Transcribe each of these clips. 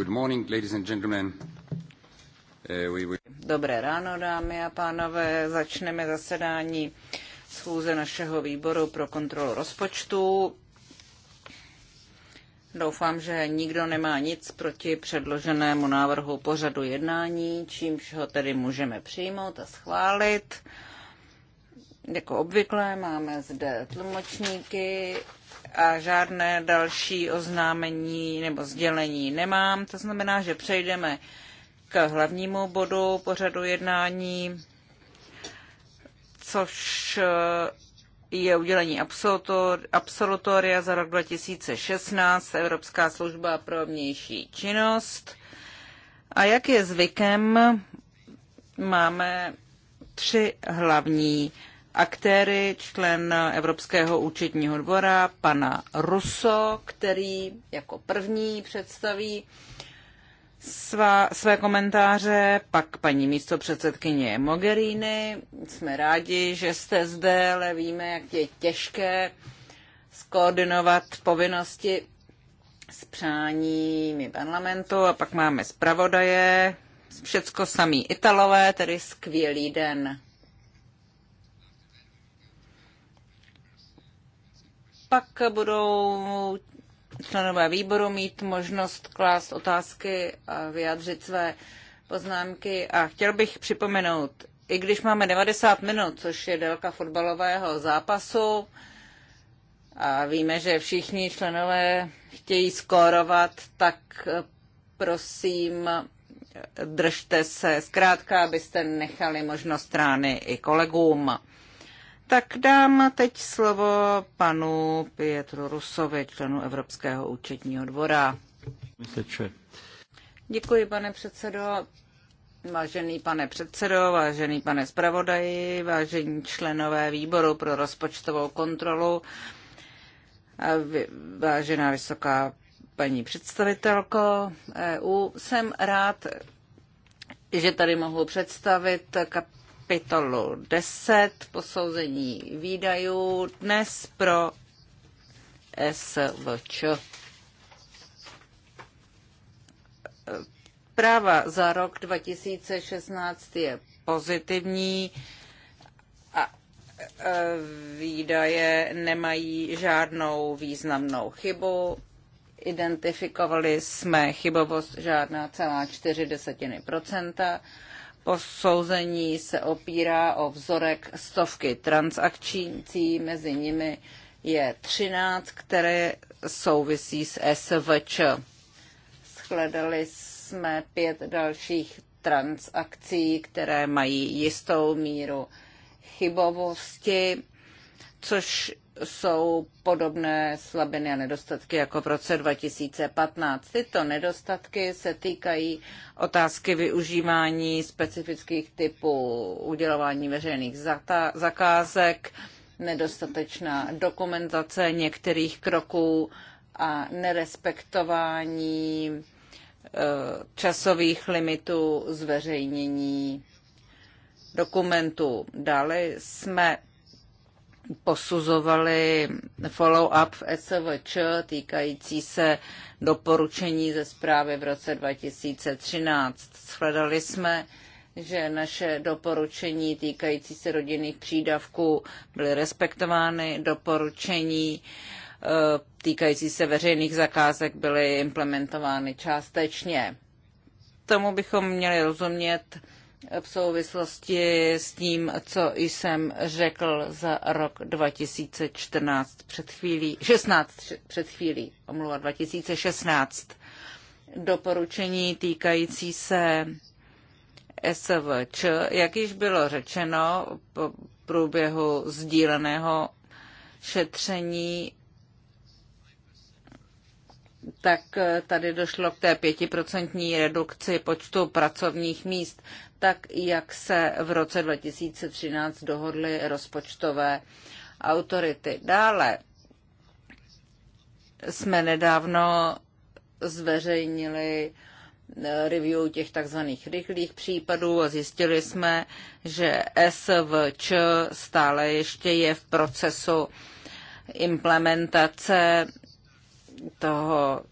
Eh, Dobré ráno, dámy a pánové. Začneme zasedání schůze našeho výboru pro kontrolu rozpočtu. Doufám, že nikdo nemá nic proti předloženému návrhu pořadu jednání, čímž ho tedy můžeme přijmout a schválit. Jako obvykle máme zde tlumočníky a žádné další oznámení nebo sdělení nemám. To znamená, že přejdeme k hlavnímu bodu pořadu jednání, což eh, je udělení absolutoria za rok 2016 Evropská služba pro vnější činnost. A jak je zvykem, máme tři hlavní aktéry, člen Evropského účetního dvora, pana Russo, který jako první představí svá, své komentáře, pak paní místo předsedkyně Mogherini. Jsme rádi, že jste zde, ale víme, jak je těžké skoordinovat povinnosti s přáními parlamentu a pak máme zpravodaje, všecko samý Italové, tedy skvělý den. Pak budou členové výboru mít možnost klást otázky a vyjádřit své poznámky. A chtěl bych připomenout, i když máme 90 minut, což je délka fotbalového zápasu, a víme, že všichni členové chtějí skórovat, tak prosím, držte se zkrátka, abyste nechali možnost strany i kolegům. Tak dám teď slovo panu Pietru Rusovi, členu Evropského účetního dvora. Myslíče. Děkuji, pane předsedo. Vážený pane předsedo, vážený pane zpravodaji, vážení členové výboru pro rozpočtovou kontrolu, vážená vysoká paní představitelko EU, jsem rád, že tady mohu představit kap- kapitolu 10 posouzení výdajů dnes pro SVČ. Práva za rok 2016 je pozitivní a e, výdaje nemají žádnou významnou chybu. Identifikovali jsme chybovost žádná celá čtyři desetiny procenta Posouzení se opírá o vzorek stovky transakcí, mezi nimi je 13, které souvisí s SVČ. Shledali jsme pět dalších transakcí, které mají jistou míru chybovosti, což jsou podobné slabiny a nedostatky jako v roce 2015. Tyto nedostatky se týkají otázky využívání specifických typů udělování veřejných zakázek, nedostatečná dokumentace některých kroků a nerespektování e, časových limitů zveřejnění dokumentů. Dále jsme posuzovali follow-up v SVČ týkající se doporučení ze zprávy v roce 2013. Shledali jsme, že naše doporučení týkající se rodinných přídavků byly respektovány, doporučení e, týkající se veřejných zakázek byly implementovány částečně. Tomu bychom měli rozumět v souvislosti s tím, co jsem řekl za rok 2014 před chvílí, 16 před chvílí, omluva 2016, doporučení týkající se SVČ, jak již bylo řečeno po průběhu sdíleného šetření, tak tady došlo k té pětiprocentní redukci počtu pracovních míst tak jak se v roce 2013 dohodly rozpočtové autority. Dále jsme nedávno zveřejnili eh, review těch takzvaných rychlých případů a zjistili jsme, že SVČ stále ještě je v procesu implementace toho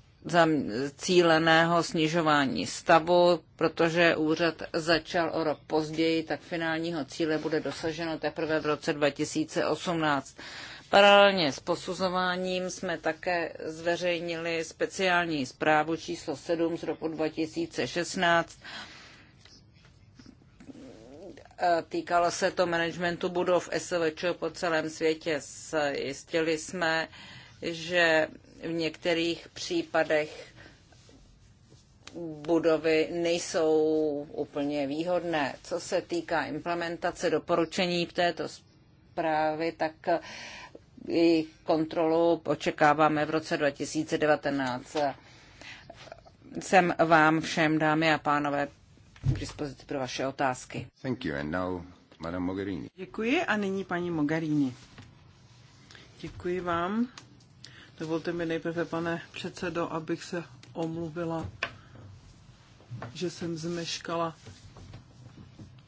cíleného snižování stavu, protože úřad začal o rok později, tak finálního cíle bude dosaženo teprve v roce 2018. Paralelně s posuzováním jsme také zveřejnili speciální zprávu číslo 7 z roku 2016. Týkalo se to managementu budov SVČ po celém světě. Zjistili jsme, že v některých případech budovy nejsou úplně výhodné. Co se týká implementace doporučení v této zprávy, tak jejich kontrolu očekáváme v roce 2019. Jsem vám všem, dámy a pánové, k dispozici pro vaše otázky. Thank you. And now, Madame Mogherini. Děkuji a nyní paní Mogherini. Děkuji vám. Dovolte mi nejprve, pane předsedo, abych se omluvila, že jsem zmeškala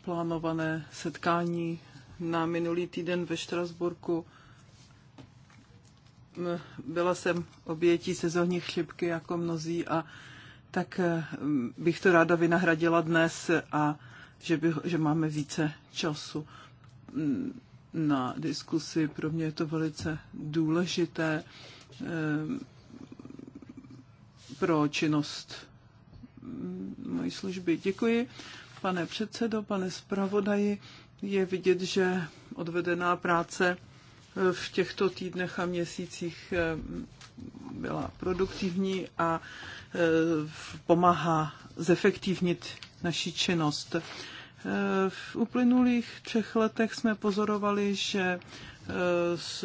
plánované setkání na minulý týden ve Štrasburku. Byla jsem obětí sezónní chřipky jako mnozí a tak eh, bych to ráda vynahradila dnes a že, by, že máme více času mm, na diskusi. Pro mě je to velice důležité Eh, pro činnost mm, mojí služby. Děkuji, pane předsedo, pane zpravodaji. Je vidět, že odvedená práce eh, v těchto týdnech a měsících eh, byla produktivní a pomáhá zefektivnit naši činnost. V uplynulých třech letech jsme pozorovali, že z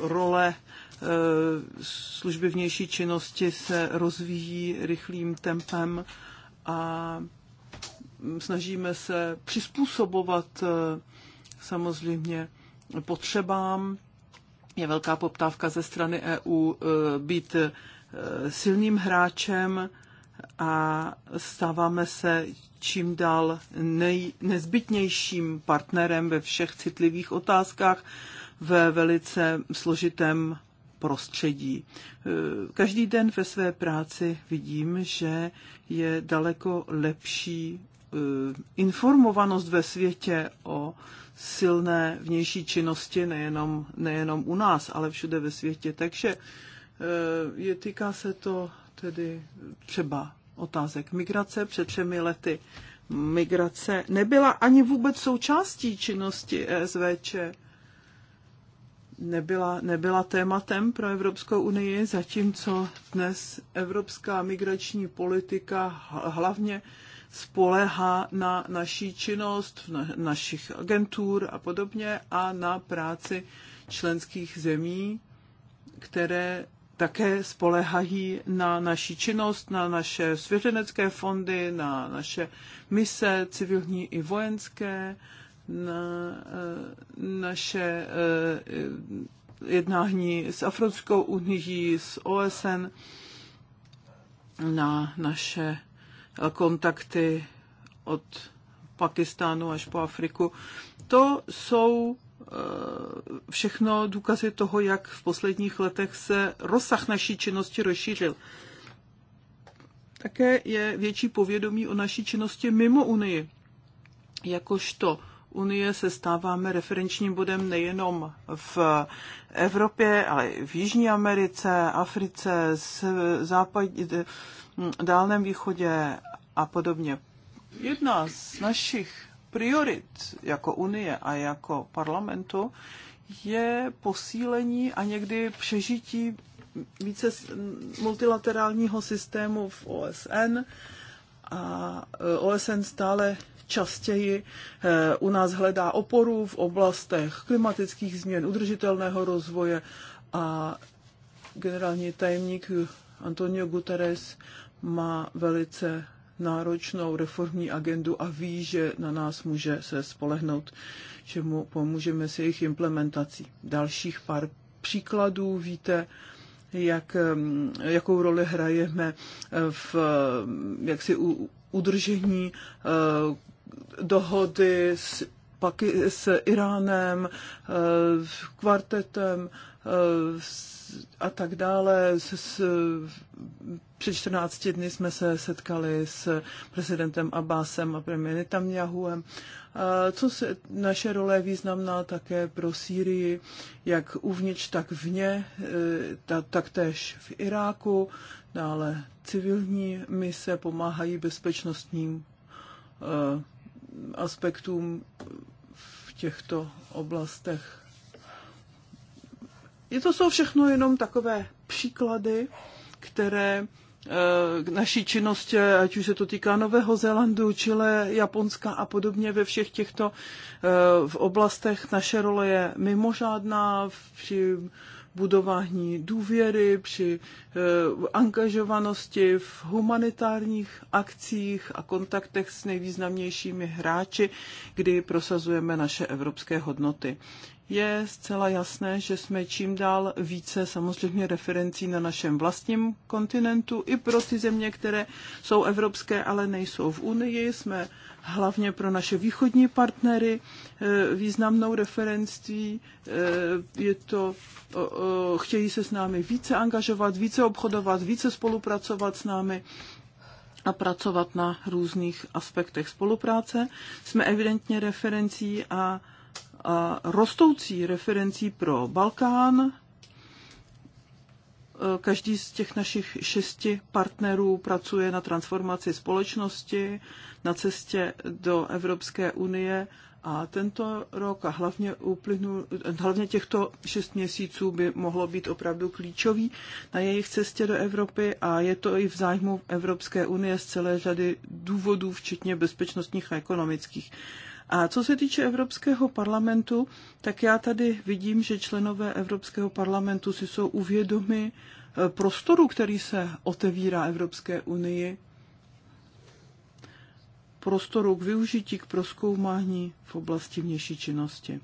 role Eh, služby vnější činnosti se rozvíjí rychlým tempem a mm, snažíme se přizpůsobovat eh, samozřejmě potřebám. Je velká poptávka ze strany EU eh, být silným hráčem a stáváme se čím dál nej, nezbytnějším partnerem ve všech citlivých otázkách ve velice složitém prostředí. E, každý den ve své práci vidím, že je daleko lepší e, informovanost ve světě o silné vnější činnosti, nejenom, nejenom u nás, ale všude ve světě. Takže e, je, týká se to tedy třeba otázek migrace před třemi lety migrace nebyla ani vůbec součástí činnosti SVČ nebyla, nebyla tématem pro Evropskou unii, zatímco dnes evropská migrační politika hlavně spolehá na naší činnost, na našich agentur a podobně a na práci členských zemí, které také spolehají na naši činnost, na naše svěřenecké fondy, na naše mise civilní i vojenské Eh, eh, na naše jednání eh, s Afrodskou unii, s OSN, na naše kontakty od Pakistánu až po Afriku. To jsou všechno důkazy toho, jak v posledních letech se rozsah naší činnosti rozšířil. Také je větší povědomí o naší činnosti mimo Unii, jakožto unie se stáváme referenčním bodem nejenom v Evropě, ale i v Jižní Americe, Africe, západ, Dálném východě a podobně. Jedna z našich priorit jako Unie a jako parlamentu je posílení a někdy přežití více multilaterálního systému v OSN a e, OSN stále častěji eh, u nás hledá oporu v oblastech klimatických změn, udržitelného rozvoje a generální tajemník Antonio Guterres má velice náročnou reformní agendu a ví, že na nás může se spolehnout, že mu pomůžeme s jejich implementací. Dalších pár příkladů víte, jak, mm, jakou roli hrajeme v eh, jaksi udržení eh, dohody s, paky s Iránem, eh, kvartetem eh, a tak dále. S, před 14 dny jsme se setkali s prezidentem Abbasem a premiérem Tamjahuem. Eh, co se, naše role je významná také pro Sýrii, jak uvnitř, tak vně, ta, taktéž v Iráku. Dále civilní mise pomáhají bezpečnostním aspektům v těchto oblastech. Je to jsou všechno jenom takové příklady, které eh, k naší činnosti, ať už se to týká Nového Zélandu, Chile, Japonska a podobně ve všech těchto eh, v oblastech. Naše role je mimořádná při budování důvěry, při eh, angažovanosti v humanitárních akcích a kontaktech s nejvýznamnějšími hráči, kdy prosazujeme naše evropské hodnoty. Je zcela jasné, že jsme čím dál více samozřejmě referencí na našem vlastním kontinentu i pro ty země, které jsou evropské, ale nejsou v Unii. Jsme hlavně pro naše východní partnery eh, významnou referenství. Eh, je to, chtějí se s námi více angažovat, více obchodovat, více spolupracovat s námi a pracovat na různých aspektech spolupráce. Jsme evidentně referencí a, a rostoucí referencí pro Balkán, Každý z těch našich šesti partnerů pracuje na transformaci společnosti, na cestě do Evropské unie a tento rok a hlavně, uplynul, hlavně těchto šest měsíců by mohlo být opravdu klíčový na jejich cestě do Evropy a je to i v zájmu Evropské unie z celé řady důvodů, včetně bezpečnostních a ekonomických. A co se týče Evropského parlamentu, tak já tady vidím, že členové Evropského parlamentu si jsou uvědomi eh, prostoru, který se otevírá Evropské unii, prostoru k využití, k proskoumání v oblasti vnější činnosti.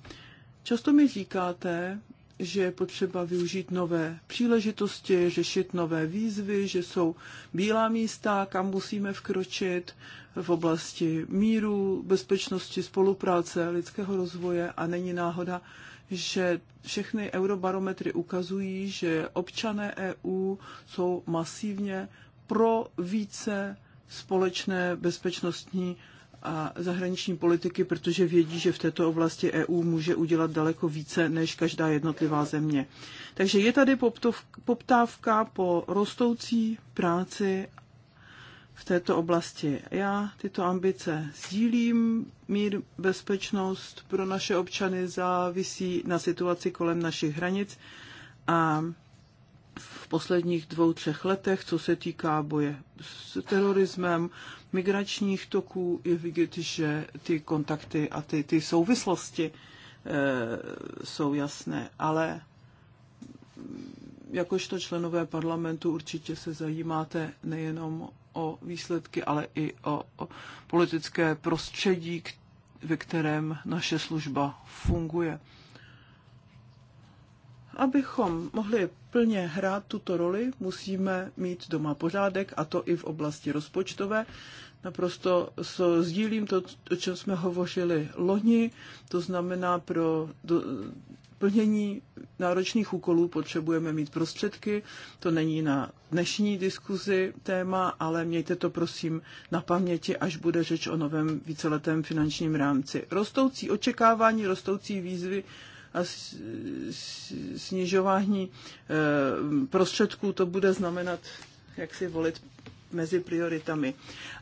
Často mi říkáte, že je potřeba využít nové příležitosti, řešit nové výzvy, že jsou bílá místa, kam musíme vkročit, v oblasti míru, bezpečnosti, spolupráce, lidského rozvoje a není náhoda, že všechny eurobarometry ukazují, že občané EU jsou masivně pro více společné bezpečnostní a zahraniční politiky, protože vědí, že v této oblasti EU může udělat daleko více než každá jednotlivá země. Takže je tady poptávka po rostoucí práci v této oblasti. Já tyto ambice sdílím. Mír, bezpečnost pro naše občany závisí na situaci kolem našich hranic a v posledních dvou, třech letech, co se týká boje s terorismem, migračních toků, je vidět, že ty kontakty a ty, ty souvislosti e, jsou jasné. Ale jakožto členové parlamentu určitě se zajímáte nejenom o výsledky, ale i o, o politické prostředí, ve kterém naše služba funguje. Abychom mohli plně hrát tuto roli, musíme mít doma pořádek, a to i v oblasti rozpočtové. Naprosto sdílím to, o čem jsme hovořili loni, to znamená pro do, plnění náročných úkolů potřebujeme mít prostředky. To není na dnešní diskuzi téma, ale mějte to prosím na paměti, až bude řeč o novém víceletém finančním rámci. Rostoucí očekávání, rostoucí výzvy a snižování eh, prostředků, to bude znamenat, jak si volit mezi prioritami.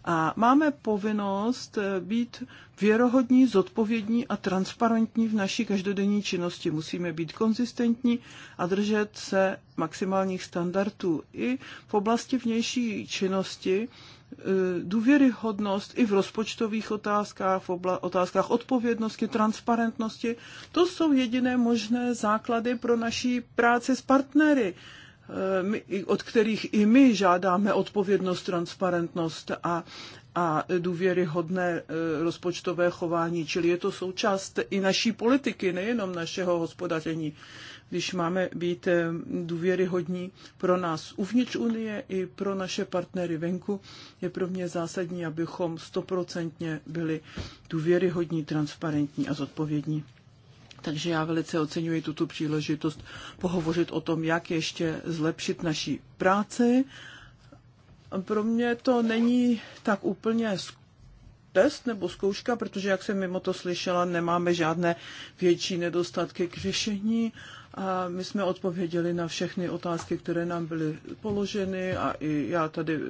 A máme povinnost eh, být věrohodní, zodpovědní a transparentní v naší každodenní činnosti. Musíme být konzistentní a držet se maximálních standardů i v oblasti vnější činnosti, eh, důvěryhodnost i v rozpočtových otázkách, v obla- otázkách odpovědnosti, transparentnosti. To jsou jediné možné základy pro naší práci s partnery Eh, od kterých i my žádáme odpovědnost, transparentnost a, a důvěryhodné eh, rozpočtové chování. Čili je to součást i naší politiky, nejenom našeho hospodaření, když máme být eh, důvěryhodní pro nás uvnitř Unie i pro naše partnery venku, je pro mě zásadní, abychom stoprocentně byli důvěryhodní, transparentní a zodpovědní. Takže já velice oceňuji tuto příležitost pohovořit o tom, jak ještě zlepšit naší práci. Pro mě to není tak úplně test nebo zkouška, protože, jak jsem mimo to slyšela, nemáme žádné větší nedostatky k řešení. A my jsme odpověděli na všechny otázky, které nám byly položeny a i já tady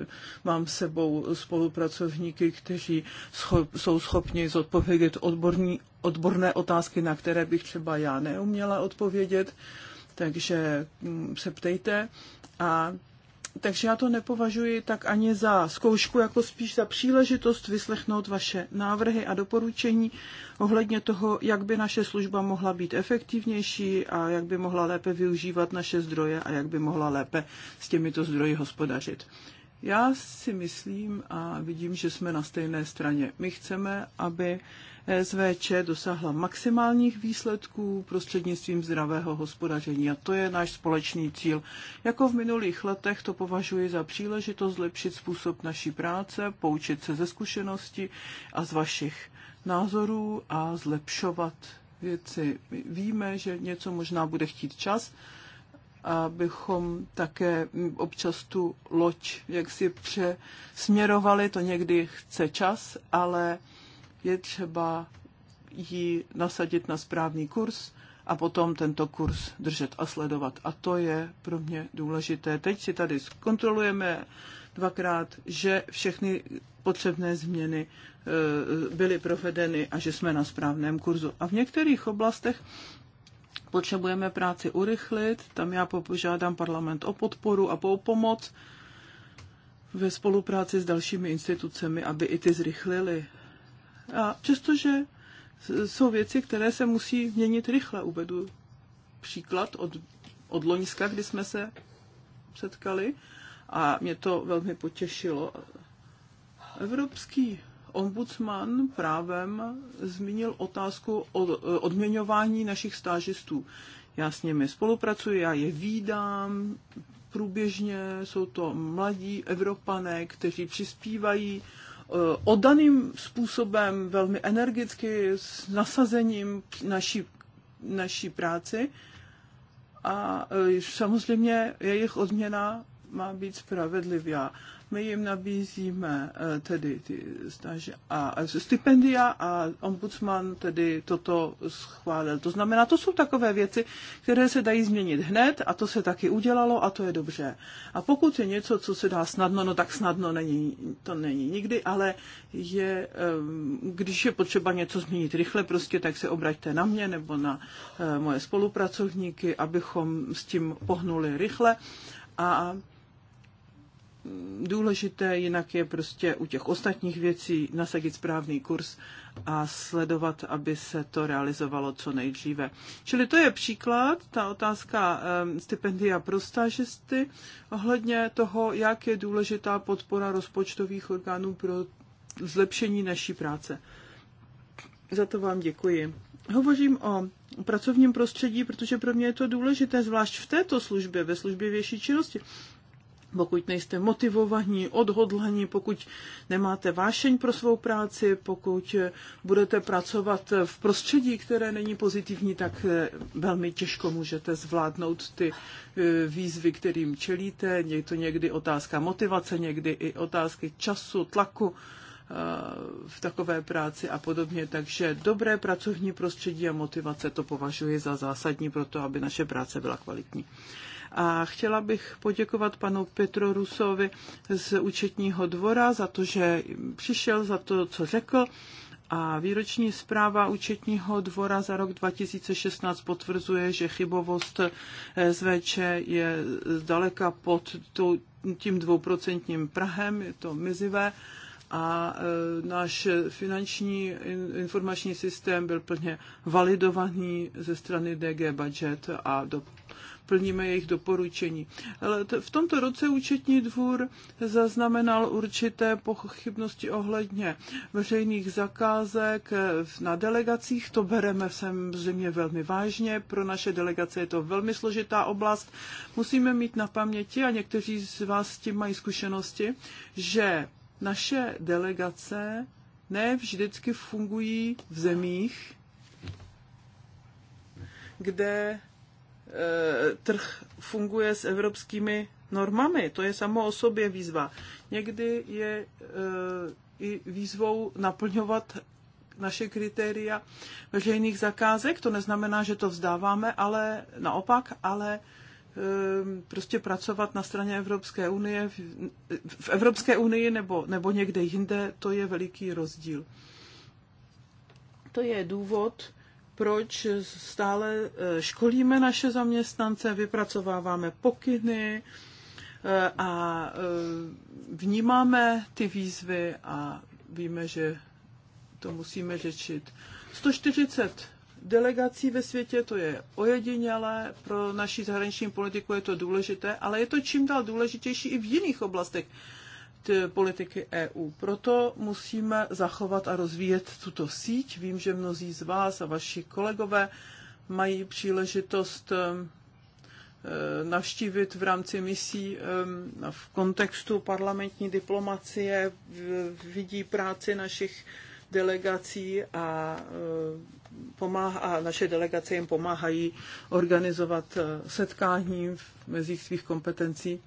mám sebou spolupracovníky, kteří schop, jsou schopni zodpovědět odborní odborné otázky, na které bych třeba já neuměla odpovědět, takže mm, se ptejte. A takže já to nepovažuji tak ani za zkoušku, jako spíš za příležitost vyslechnout vaše návrhy a doporučení ohledně toho, jak by naše služba mohla být efektivnější a jak by mohla lépe využívat naše zdroje a jak by mohla lépe s těmito zdroji hospodařit. Já si myslím a vidím, že jsme na stejné straně. My chceme, aby E SVČ dosáhla maximálních výsledků prostřednictvím zdravého hospodaření a to je náš společný cíl. Jako v minulých letech to považuji za příležitost zlepšit způsob naší práce, poučit se ze zkušeností a z vašich názorů a zlepšovat věci. My víme, že něco možná bude chtít čas, abychom také občas tu loď jak si přesměrovali, to někdy chce čas, ale je třeba ji nasadit na správný kurz a potom tento kurz držet a sledovat. A to je pro mě důležité. Teď si tady zkontrolujeme dvakrát, že všechny potřebné změny eh, byly provedeny a že jsme na správném kurzu. A v některých oblastech potřebujeme práci urychlit, tam já požádám parlament o podporu a o pomoc ve spolupráci s dalšími institucemi, aby i ty zrychlili a přestože jsou věci, které se musí měnit rychle. Uvedu příklad od, od loňska, kdy jsme se setkali a mě to velmi potěšilo. Evropský ombudsman právem zmínil otázku o odměňování našich stážistů. Já s nimi spolupracuji, já je výdám průběžně, jsou to mladí Evropané, kteří přispívají Eh, oddaným způsobem, velmi energicky, s nasazením naší, naší práci. A eh, samozřejmě jejich odměna má být spravedlivá. My jim nabízíme eh, tedy ty stáže a eh, stipendia a ombudsman tedy toto schválil. To znamená, to jsou takové věci, které se dají změnit hned a to se taky udělalo a to je dobře. A pokud je něco, co se dá snadno, no tak snadno není, to není nikdy, ale je, eh, když je potřeba něco změnit rychle prostě, tak se obraťte na mě nebo na moje spolupracovníky, abychom s tím pohnuli rychle. A důležité, jinak je prostě u těch ostatních věcí nasadit správný kurz a sledovat, aby se to realizovalo co nejdříve. Čili to je příklad, ta otázka ehm, stipendia pro stážisty ohledně toho, jak je důležitá podpora rozpočtových orgánů pro zlepšení naší práce. Za to vám děkuji. Hovořím o pracovním prostředí, protože pro mě je to důležité, zvlášť v této službě, ve službě větší činnosti pokud nejste motivovaní, odhodlaní, pokud nemáte vášeň pro svou práci, pokud budete pracovat v prostředí, které není pozitivní, tak eh, velmi těžko můžete zvládnout ty eh, výzvy, kterým čelíte. Je to někdy otázka motivace, někdy i otázky času, tlaku eh, v takové práci a podobně. Takže dobré pracovní prostředí a motivace to považuji za zásadní pro to, aby naše práce byla kvalitní. A chtěla bych poděkovat panu Petru Rusovi z účetního dvora za to, že přišel, za to, co řekl. A výroční zpráva účetního dvora za rok 2016 potvrzuje, že chybovost SVČ je zdaleka pod tím dvouprocentním Prahem, je to mizivé a e, náš finanční informační systém byl plně validovaný ze strany DG Budget a do, plníme jejich doporučení. Ale v tomto roce účetní dvůr zaznamenal určité pochybnosti ohledně veřejných zakázek na delegacích. To bereme samozřejmě velmi vážně. Pro naše delegace je to velmi složitá oblast. Musíme mít na paměti, a někteří z vás s tím mají zkušenosti, že naše delegace ne vždycky fungují v zemích, kde e, trh funguje s evropskými normami. To je samo o sobě výzva. Někdy je e, i výzvou naplňovat naše kritéria veřejných zakázek. To neznamená, že to vzdáváme, ale naopak, ale Ehm, prostě pracovat na straně Evropské unie, v Evropské unii nebo, nebo někde jinde, to je veliký rozdíl. To je důvod, proč stále eh, školíme naše zaměstnance, vypracováváme pokyny eh, a eh, vnímáme ty výzvy a víme, že to musíme řečit. 140 delegací ve světě, to je ojedinělé, pro naši zahraniční politiku je to důležité, ale je to čím dál důležitější i v jiných oblastech politiky EU. Proto musíme zachovat a rozvíjet tuto síť. Vím, že mnozí z vás a vaši kolegové mají příležitost ehm, eh, navštívit v rámci misí ehm, v kontextu parlamentní diplomacie, vidí práci našich delegací a eh, pomáhá, a naše delegace jim pomáhají organizovat eh, setkání v mezích svých kompetencí.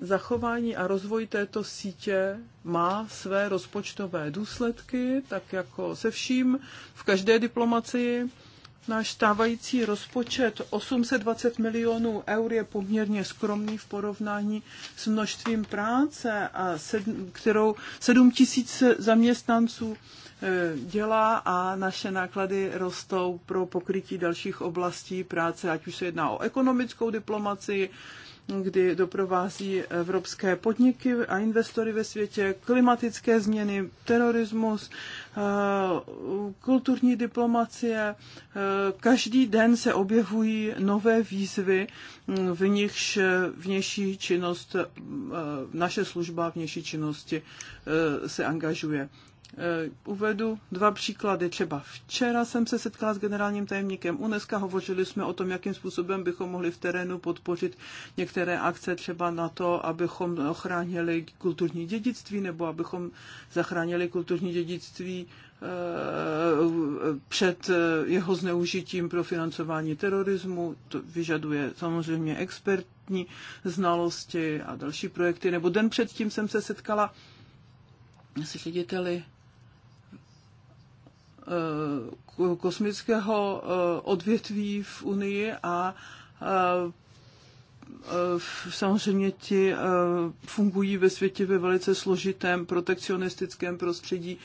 Zachování a rozvoj této sítě má své rozpočtové důsledky, tak jako se vším v každé diplomacii. Náš stávající rozpočet 820 milionů eur je poměrně skromný v porovnání s množstvím práce, a sed, kterou 7 tisíc zaměstnanců E, dělá a naše náklady rostou pro pokrytí dalších oblastí práce, ať už se jedná o ekonomickou diplomaci, kdy doprovází evropské podniky a investory ve světě, klimatické změny, terorismus, e, kulturní diplomacie. E, každý den se objevují nové výzvy, v nichž vnější činnost, naše služba vnější činnosti se angažuje. Eh, uvedu dva příklady. Třeba včera jsem se setkala s generálním tajemníkem UNESCO, hovořili jsme o tom, jakým způsobem bychom mohli v terénu podpořit některé akce, třeba na to, abychom ochránili kulturní dědictví nebo abychom zachránili kulturní dědictví eh, před eh, jeho zneužitím pro financování terorismu. To vyžaduje samozřejmě expertní znalosti a další projekty. Nebo den předtím jsem se setkala s řediteli Eh, kosmického eh, odvětví v Unii a eh, samozřejmě ti fungují ve světě ve velice složitém protekcionistickém prostředí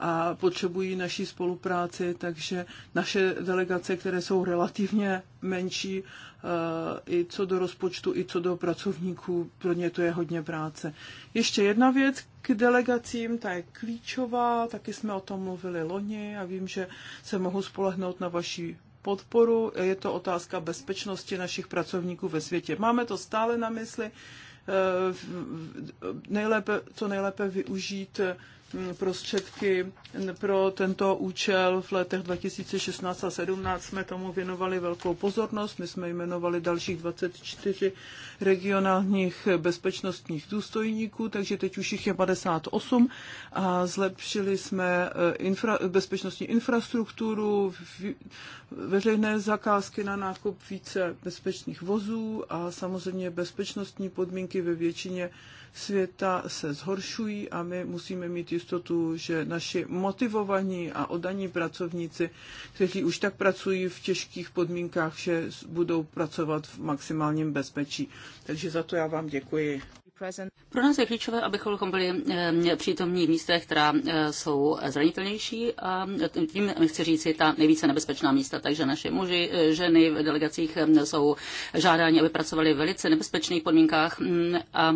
a potřebují naší spolupráci, takže naše delegace, které jsou relativně menší, eh, i co do rozpočtu, i co do pracovníků, pro ně to je hodně práce. Ještě jedna věc k delegacím, ta je klíčová, taky jsme o tom mluvili loni a vím, že se mohu spolehnout na vaši podporu. Je to otázka bezpečnosti našich pracovníků ve světě. Máme to stále na mysli, eh, nejlépe, co nejlépe využít eh, Mm, prostředky pro tento účel. V letech 2016 a 17 jsme tomu věnovali velkou pozornost. My jsme jmenovali dalších 24 regionálních bezpečnostních důstojníků, takže teď už jich je 58 a zlepšili jsme eh, infra, bezpečnostní infrastrukturu, veřejné zakázky na nákup více bezpečných vozů a samozřejmě bezpečnostní podmínky ve většině světa se zhoršují a my musíme mít jistotu, že naši motivovaní a odaní pracovníci, kteří už tak pracují v těžkých podmínkách, že budou pracovat v maximálním bezpečí. Takže za to já vám děkuji. Pro nás je klíčové, abychom byli eh, přítomní v místech, která eh, jsou zranitelnější a tím chci říct ta nejvíce nebezpečná místa. Takže naše muži, eh, ženy v delegacích jsou žádáni, aby pracovali v velice nebezpečných podmínkách mm, a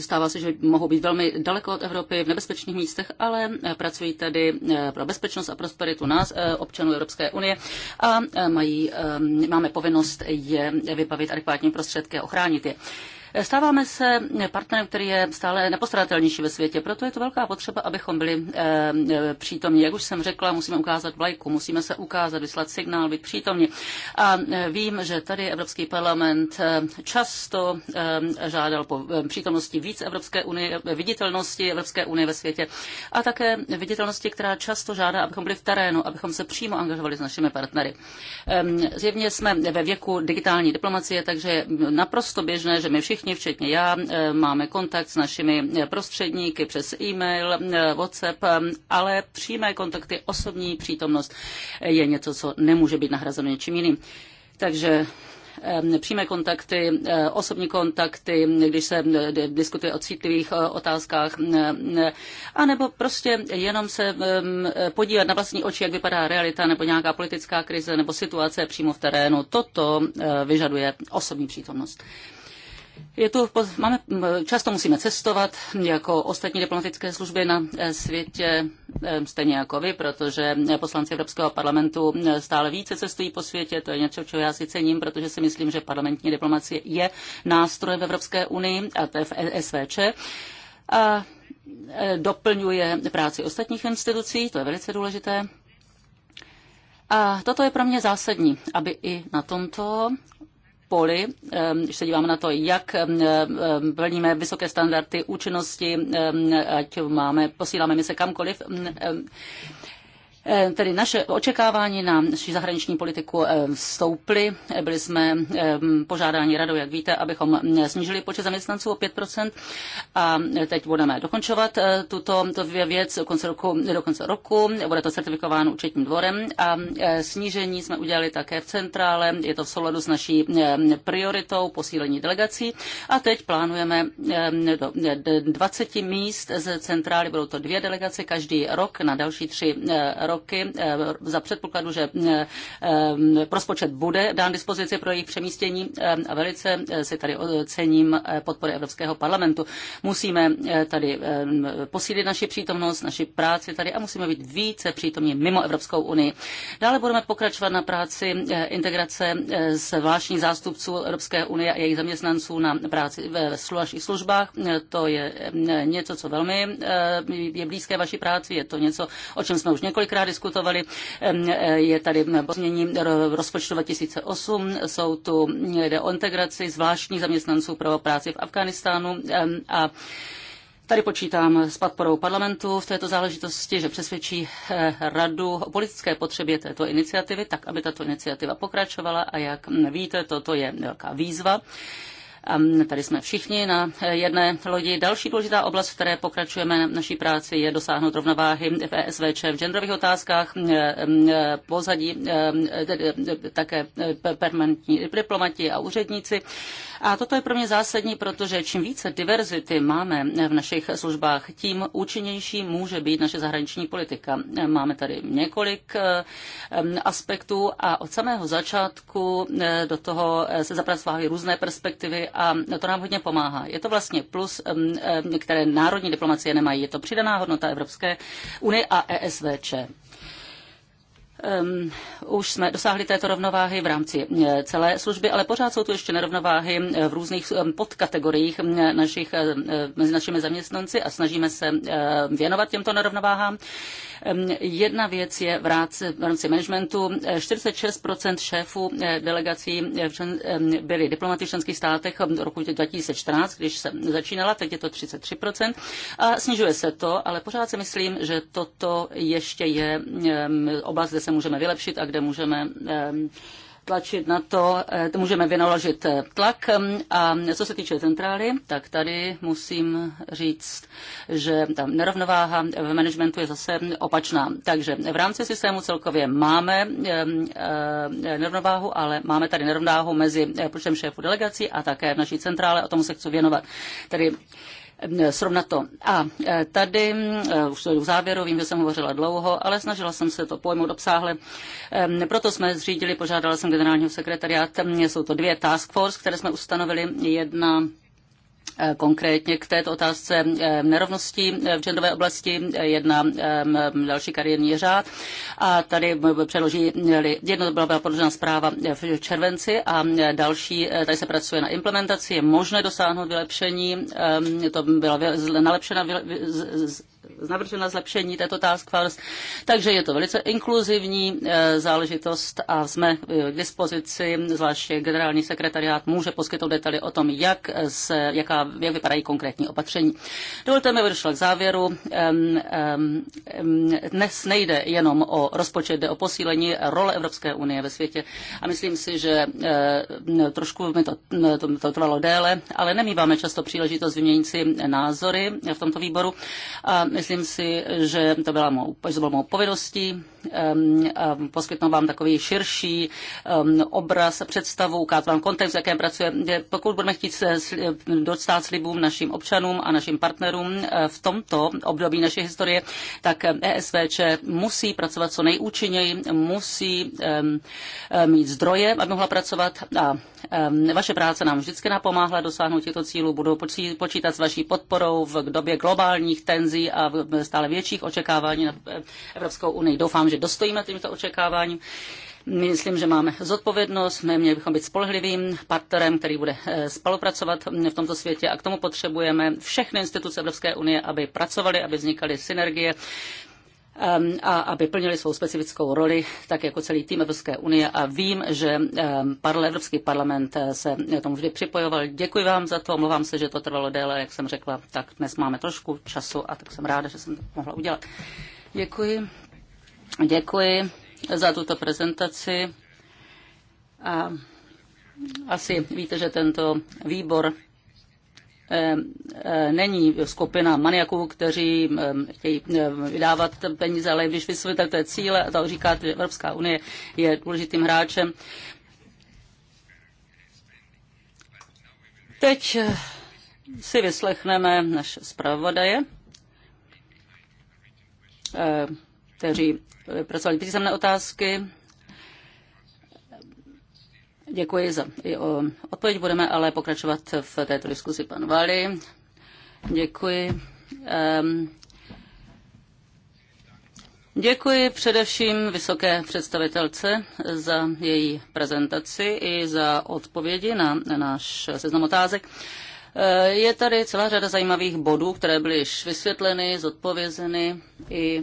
Stává se, že mohou být velmi daleko od Evropy, v nebezpečných místech, ale eh, pracují tady eh, pro bezpečnost a prosperitu nás, eh, občanů Evropské unie, a mají, máme povinnost je vybavit adekvátní prostředky a ochránit je. Stáváme se partnerem, který je stále nepostradatelnější ve světě, proto je to velká potřeba, abychom byli eh, eh, přítomní. Jak už jsem řekla, musíme ukázat vlajku, musíme se ukázat, vyslat signál, být přítomní. A eh, vím, že tady Evropský parlament často žádal po přítomnosti víc Evropské unie, viditelnosti Evropské unie ve světě a také viditelnosti, která často žádá, abychom byli v terénu, abychom se přímo angažovali s našimi partnery. Ehm, zjevně jsme ve věku digitální diplomacie, takže je naprosto běžné, že my všichni všichni, včetně já, eh, máme kontakt s našimi eh, prostředníky přes e-mail, eh, WhatsApp, ale přímé kontakty, osobní přítomnost je něco, co nemůže být nahrazeno něčím jiným. Takže přímé kontakty, osobní kontakty, když se diskutuje o citlivých otázkách, anebo prostě jenom se podívat na vlastní oči, jak vypadá realita, nebo nějaká politická krize, nebo situace přímo v terénu. Toto vyžaduje osobní přítomnost. Je tu, máme, často musíme cestovat jako ostatní diplomatické služby na e, světě, e, stejně jako vy, protože e, poslanci Evropského parlamentu stále více cestují po světě. To je něco, čeho já si cením, protože si myslím, že parlamentní diplomacie je nástroj v Evropské unii a to je v SVČ. A doplňuje práci ostatních institucí, to je velice důležité. A toto je pro mě zásadní, aby i na tomto poli, když se díváme na to, jak plníme vysoké standardy účinnosti, ať máme, posíláme mise kamkoliv, Eh, tedy naše očekávání na naši zahraniční politiku eh, stouply. Eh, byli jsme požádáni radou, jak víte, abychom snížili počet zaměstnanců o 5%. A teď budeme dokončovat tuto to věc do konce, roku, do konce roku. Bude to certifikováno účetním dvorem. A snížení jsme udělali také v centrále. Je to v souladu s naší prioritou posílení delegací. A teď plánujeme do 20 míst z centrály. Budou to dvě delegace každý rok na další tři roky roky eh, za předpokladu, že eh, eh, rozpočet bude dán dispozici pro jejich přemístění a velice si tady cením podpory Evropského parlamentu. Musíme tady posílit naši přítomnost, naši práci tady a musíme být více přítomní mimo Evropskou unii. Dále budeme pokračovat na práci integrace zvláštních zástupců Evropské unie a jejich zaměstnanců na práci ve službách. To je něco, co velmi je blízké vaší práci, je to něco, o čem jsme už několikrát diskutovali. E, je tady pozmění rozpočtu 2008, jsou tu, jde o integraci zvláštních zaměstnanců pro práci v Afganistánu a Tady počítám s podporou parlamentu v této záležitosti, že přesvědčí eh, radu o politické potřebě této iniciativy, tak aby tato iniciativa pokračovala. A jak víte, toto je velká výzva Tady jsme všichni na jedné lodi. Další důležitá oblast, v které pokračujeme naší práci, je dosáhnout rovnováhy v ESVČ v genderových otázkách, pozadí e, také e, permanentní diplomati a úředníci. A toto je pro mě zásadní, protože čím více diverzity máme v našich službách, tím účinnější může být naše zahraniční politika. Máme tady několik e, aspektů a od samého začátku do toho se zapracovávají různé perspektivy a no, to nám hodně pomáhá. Je to vlastně plus, které národní diplomacie nemají. Je to přidaná hodnota Evropské unie a ESVČ. Um, už jsme dosáhli této rovnováhy v rámci eh, celé služby, ale pořád jsou tu ještě nerovnováhy eh, v různých ehm, podkategoriích eh, našich, ehm, mezi našimi zaměstnanci a snažíme se věnovat těmto nerovnováhám. Jedna věc je v rámci, v rámci managementu. 46 šéfů delegací byly diplomaty v členských státech v roku 2014, když se začínala, teď je to 33 a snižuje se to, ale pořád si myslím, že toto ještě je oblast, kde se můžeme vylepšit a kde můžeme tlačit na to, eh, můžeme vynaložit eh, tlak. A co se týče centrály, tak tady musím říct, že ta nerovnováha v managementu je zase opačná. Takže v rámci systému celkově máme eh, nerovnováhu, ale máme tady nerovnováhu mezi počtem šéfů delegací a také v naší centrále, o tom se chci věnovat. Tady srovnat to. A e, tady, e, už to v závěru, vím, že jsem hovořila dlouho, ale snažila jsem se to pojmout obsáhle. Proto jsme zřídili, požádala jsem generálního sekretariátu, jsou to dvě task force, které jsme ustanovili. Jedna Eh, konkrétně k této otázce eh, nerovností eh, v genderové oblasti jedna další kariérní řád. A tady přeloží jedno byla podložena zpráva v červenci a další, tady se pracuje na implementaci, je možné dosáhnout vylepšení, to byla nalepšena navržena zlepšení této task force. Takže je to velice inkluzivní eh, záležitost a jsme eh, k dispozici, zvláště generální sekretariát může poskytnout detaily o tom, jak, se, jaká, jak vypadají konkrétní opatření. Dovolte mi vyšla k závěru. Dnes nejde jenom o rozpočet, jde o posílení role Evropské unie ve světě a myslím si, že eh, trošku mi to, to, to trvalo déle, ale nemýváme často příležitost vyměnit si názory v tomto výboru. A Myslím si, že to, byla mou, že to bylo mou povinností poskytnout vám takový širší obraz, představu, ukázat vám kontext, v jakém pracuje. Pokud budeme chtít dostat slibům našim občanům a našim partnerům eh, v tomto období naší historie, tak ESVČ musí pracovat co nejúčinněji, musí mít zdroje, aby mohla pracovat a vaše práce nám vždycky napomáhla dosáhnout těchto cílů. Budou počítat s vaší podporou v době globálních tenzí a stále větších očekávání na Evropskou unii. Doufám, že že dostojíme těmto očekáváním. Myslím, že máme zodpovědnost, měli bychom být spolehlivým partnerem, který bude eh, spolupracovat mm, v tomto světě a k tomu potřebujeme všechny instituce Evropské unie, aby pracovaly, aby vznikaly synergie ehm, a aby plnili svou specifickou roli, tak jako celý tým Evropské unie. A vím, že ehm, Evropský parlament eh, se tomu vždy připojoval. Děkuji vám za to, omlouvám se, že to trvalo déle, jak jsem řekla, tak dnes máme trošku času a tak jsem ráda, že jsem to mohla udělat. Děkuji. Děkuji za tuto prezentaci. A asi víte, že tento výbor eh, eh, není skupina maniaků, kteří eh, chtějí vydávat peníze, ale když vysvětlíte cíle, a to říkáte, že Evropská unie je důležitým hráčem. Teď si vyslechneme naše zpravodaje kteří pracovali písemné otázky. Děkuji za odpověď. Budeme ale pokračovat v této diskusi. Pan Vali. Děkuji. Děkuji především vysoké představitelce za její prezentaci i za odpovědi na náš seznam otázek. Eh, je tady celá řada zajímavých bodů, které byly již vysvětleny, zodpovězeny i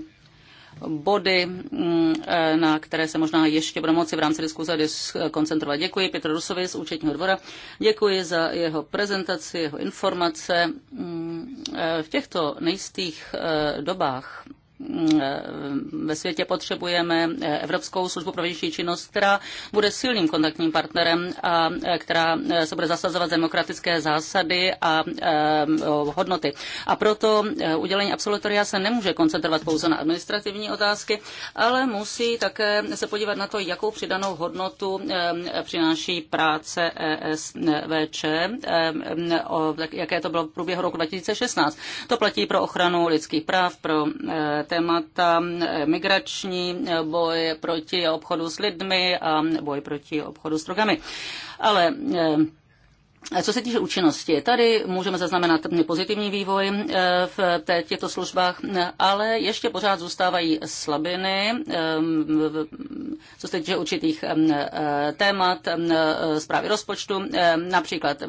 body, mm, e, na které se možná ještě budeme moci v rámci diskuze koncentrovat. Děkuji Petru Rusovi z účetního dvora, děkuji za jeho prezentaci, jeho informace. Mm, e, v těchto nejistých e, dobách Mm, ve světě potřebujeme eh, Evropskou službu pro vnější činnost, která bude silným kontaktním partnerem a eh, která eh, se bude zasazovat demokratické zásady a hodnoty. A proto udělení absolutoria se nemůže koncentrovat pouze na administrativní otázky, ale musí také se podívat na to, jakou přidanou hodnotu přináší práce ESVČ, jaké to bylo v průběhu roku 2016. To platí pro ochranu lidských práv, pro témata eh, migrační, eh, boj proti obchodu s lidmi a boj proti obchodu s drogami. Ale eh, co se týče účinnosti, tady můžeme zaznamenat pozitivní vývoj eh, v těchto službách, eh, ale ještě pořád zůstávají slabiny, eh, co se týče určitých témat, zprávy rozpočtu. Například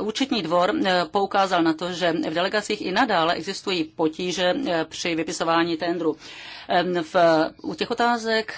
účetní dvor poukázal na to, že v delegacích i nadále existují potíže při vypisování tendru v, u těch otázek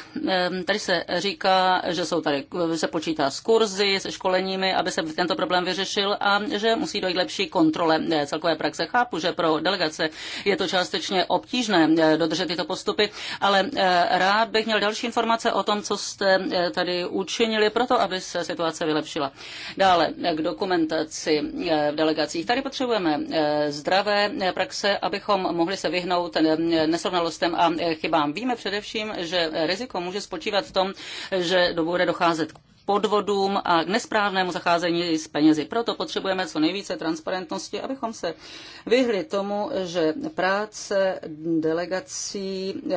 tady se říká, že jsou tady, se počítá s kurzy, se školeními, aby se tento problém vyřešil a že musí dojít lepší kontrole eh, celkové praxe. Chápu, že pro delegace je to částečně obtížné eh, dodržet tyto postupy, ale eh, rád bych měl další informace o tom, co jste tady učinili pro to, aby se situace vylepšila. Dále k dokumentaci v delegacích. Tady potřebujeme zdravé praxe, abychom mohli se vyhnout nesrovnalostem a chybám. Víme především, že riziko může spočívat v tom, že bude docházet k podvodům a k nesprávnému zacházení s penězi. Proto potřebujeme co nejvíce transparentnosti, abychom se vyhli tomu, že práce delegací eh,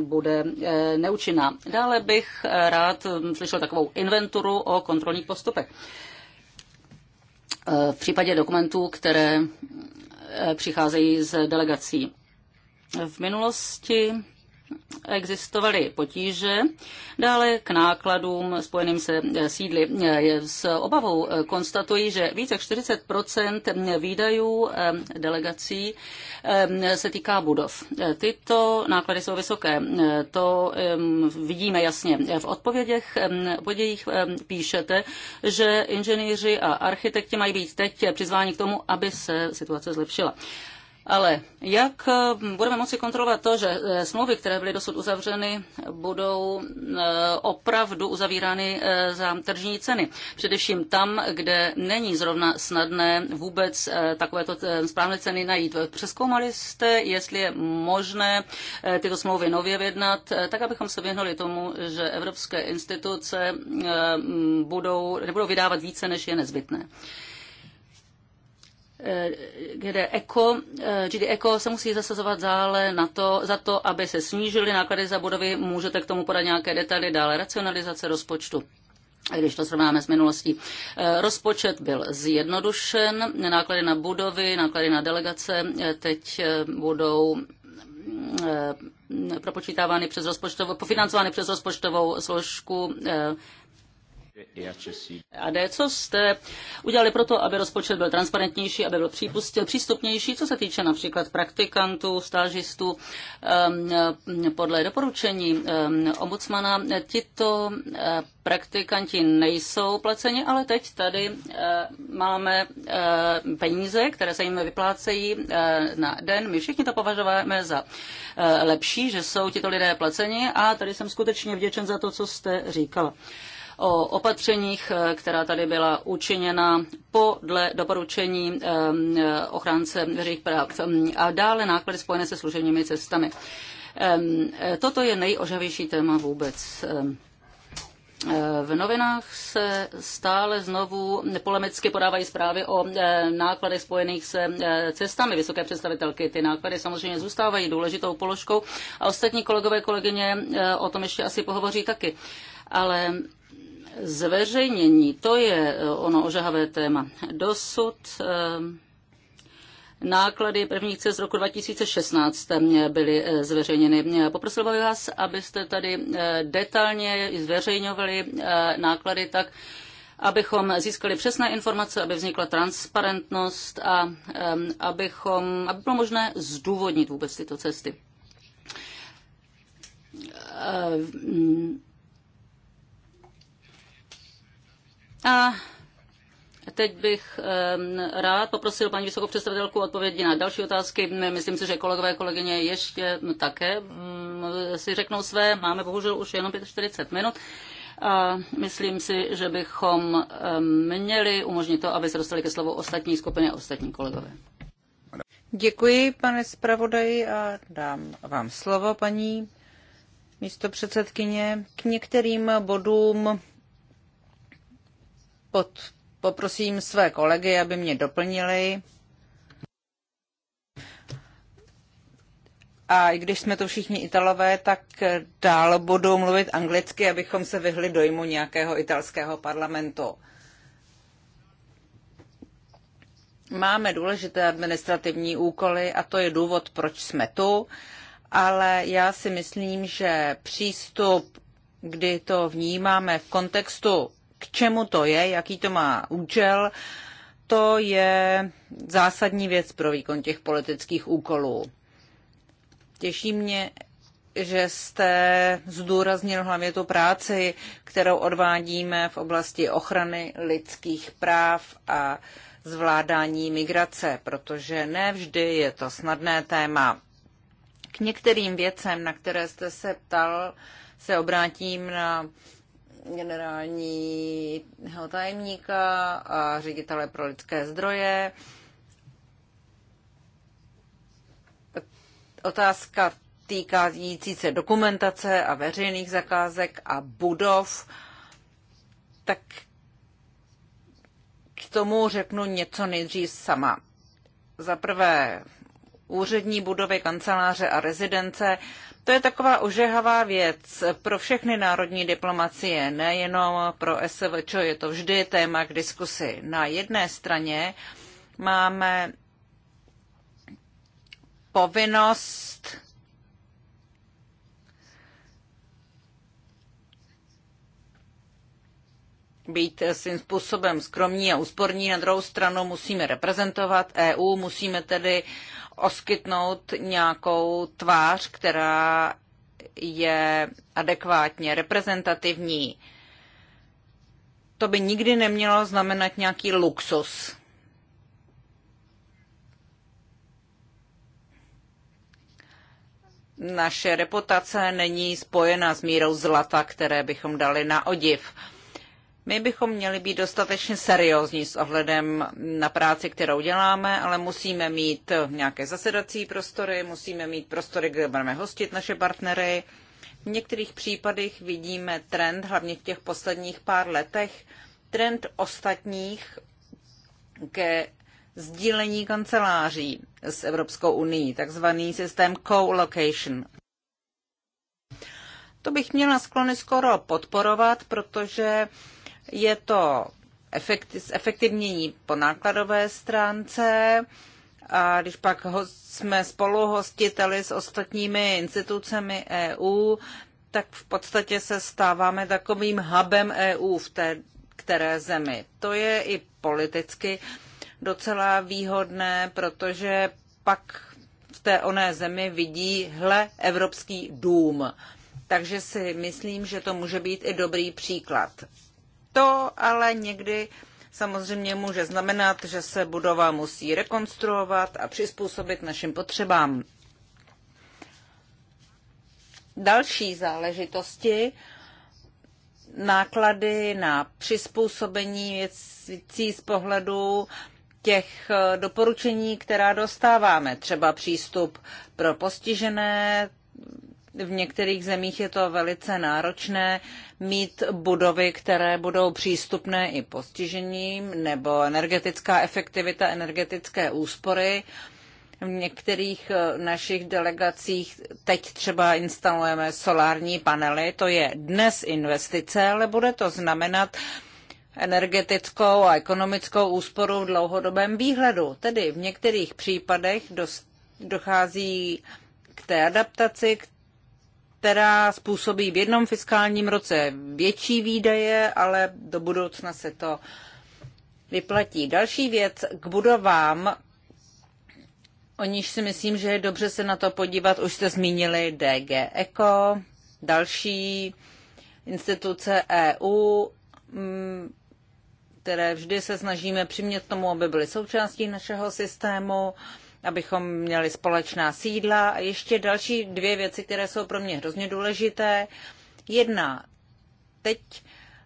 bude eh, neúčinná. Dále bych eh, rád hm, slyšel takovou inventuru o kontrolních postupech. V případě dokumentů, které přicházejí z delegací. V minulosti existovaly potíže, dále k nákladům spojeným se sídly. S obavou konstatují, že více jak 40 výdajů delegací se týká budov. Tyto náklady jsou vysoké. To vidíme jasně. V odpovědích, podějích píšete, že inženýři a architekti mají být teď přizváni k tomu, aby se situace zlepšila. Ale jak eh, budeme moci kontrolovat to, že eh, smlouvy, které byly dosud uzavřeny, budou eh, opravdu uzavírány za tržní ceny? Především tam, kde není zrovna snadné vůbec takovéto správné ceny najít. Přeskoumali jste, jestli je možné tyto smlouvy nově vyjednat, tak abychom se vyhnuli tomu, že evropské instituce budou, nebudou vydávat více, než je nezbytné kde ECO, eh, GD ECO se musí zasazovat dále na to, za to, aby se snížily náklady za budovy. Můžete k tomu podat nějaké detaily dále. Racionalizace rozpočtu. Když to srovnáme s minulostí, eh, rozpočet byl zjednodušen, náklady na budovy, náklady na delegace eh, teď budou propočítávány přes rozpočtovou, pofinancovány přes rozpočtovou složku a jde, co jste udělali pro to, aby rozpočet byl transparentnější, aby byl přípustil, přístupnější, co se týče například praktikantů, stážistů, um, podle doporučení um, ombudsmana, tito eh, praktikanti nejsou placeni, ale teď tady eh, máme eh, peníze, které se jim vyplácejí na den. My všichni to považujeme za lepší, že jsou tito lidé placeni a tady jsem skutečně vděčen za to, co jste říkala o opatřeních, eh, která tady byla učiněna podle doporučení eh, ochránce veřejných práv mm, a dále náklady spojené se služebními cestami. Eh, toto je nejožavější téma vůbec. V novinách se stále znovu polemicky podávají zprávy o nákladech spojených se cestami vysoké představitelky. Ty náklady samozřejmě zůstávají důležitou položkou a ostatní kolegové kolegyně o tom ještě asi pohovoří taky. Ale Zveřejnění, to je eh, ono ožahavé téma. Dosud eh, náklady prvních cest z roku 2016 eh, byly zveřejněny. Poprosil bych vás, abyste tady detailně zveřejňovali náklady tak, abychom získali přesné informace, aby vznikla transparentnost a abychom, aby bylo možné zdůvodnit vůbec tyto cesty A Teď bych rád poprosil paní vysokou představitelku odpovědi na další otázky. Myslím si, že kolegové kolegyně ještě také mm, si řeknou své. Máme bohužel už jenom 45 minut. A myslím si, že bychom měli umožnit to, aby se dostali ke slovu ostatní skupiny a ostatní kolegové. Děkuji, pane zpravodaji, a dám vám slovo, paní místo předsedkyně. K některým bodům pod, poprosím své kolegy, aby mě doplnili. A i když jsme to všichni Italové, tak dál budu mluvit anglicky, abychom se vyhli dojmu nějakého italského parlamentu. Máme důležité administrativní úkoly a to je důvod, proč jsme tu, ale já si myslím, že přístup, kdy to vnímáme v kontextu čemu to je, jaký to má účel, to je zásadní věc pro výkon těch politických úkolů. Těší mě, že jste zdůraznil hlavně tu práci, kterou odvádíme v oblasti ochrany lidských práv a zvládání migrace, protože ne vždy je to snadné téma. K některým věcem, na které jste se ptal, se obrátím na generálního tajemníka a ředitele pro lidské zdroje. Otázka týkající se dokumentace a veřejných zakázek a budov, tak k tomu řeknu něco nejdřív sama. Za prvé, úřední budovy, kanceláře a rezidence to je taková ožehavá věc pro všechny národní diplomacie, nejenom pro SVČ, je to vždy téma k diskusi. Na jedné straně máme povinnost být svým způsobem skromní a úsporní. Na druhou stranu musíme reprezentovat EU, musíme tedy uh, oskytnout nějakou tvář, která je adekvátně reprezentativní. To by nikdy nemělo znamenat nějaký luxus. Naše reputace není spojena s mírou zlata, které bychom dali na odiv. My bychom měli být dostatečně seriózní s ohledem na práci, kterou děláme, ale musíme mít nějaké zasedací prostory, musíme mít prostory, kde budeme hostit naše partnery. V některých případech vidíme trend, hlavně v těch posledních pár letech, trend ostatních ke sdílení kanceláří s Evropskou unii, takzvaný systém co-location. To bych měla sklony skoro podporovat, protože je to efektivnění po nákladové stránce a když pak jsme spoluhostiteli s ostatními institucemi EU, tak v podstatě se stáváme takovým hubem EU v té které zemi. To je i politicky docela výhodné, protože pak v té oné zemi vidí, hle, Evropský dům. Takže si myslím, že to může být i dobrý příklad. To ale někdy samozřejmě může znamenat, že se budova musí rekonstruovat a přizpůsobit našim potřebám. Další záležitosti, náklady na přizpůsobení věcí z pohledu těch eh, doporučení, která dostáváme, třeba přístup pro postižené, v některých zemích je to velice náročné mít budovy, které budou přístupné i postižením, nebo energetická efektivita, energetické úspory. V některých eh, našich delegacích teď třeba instalujeme solární panely. To je dnes investice, ale bude to znamenat energetickou a ekonomickou úsporu v dlouhodobém výhledu. Tedy v některých případech dochází k té adaptaci, k která způsobí v jednom fiskálním roce větší výdaje, ale do budoucna se to vyplatí. Další věc k budovám, o níž si myslím, že je dobře se na to podívat, už jste zmínili DG Eco, další instituce EU, mm, které vždy se snažíme přimět tomu, aby byly součástí našeho systému abychom měli společná sídla. A ještě další dvě věci, které jsou pro mě hrozně důležité. Jedna, teď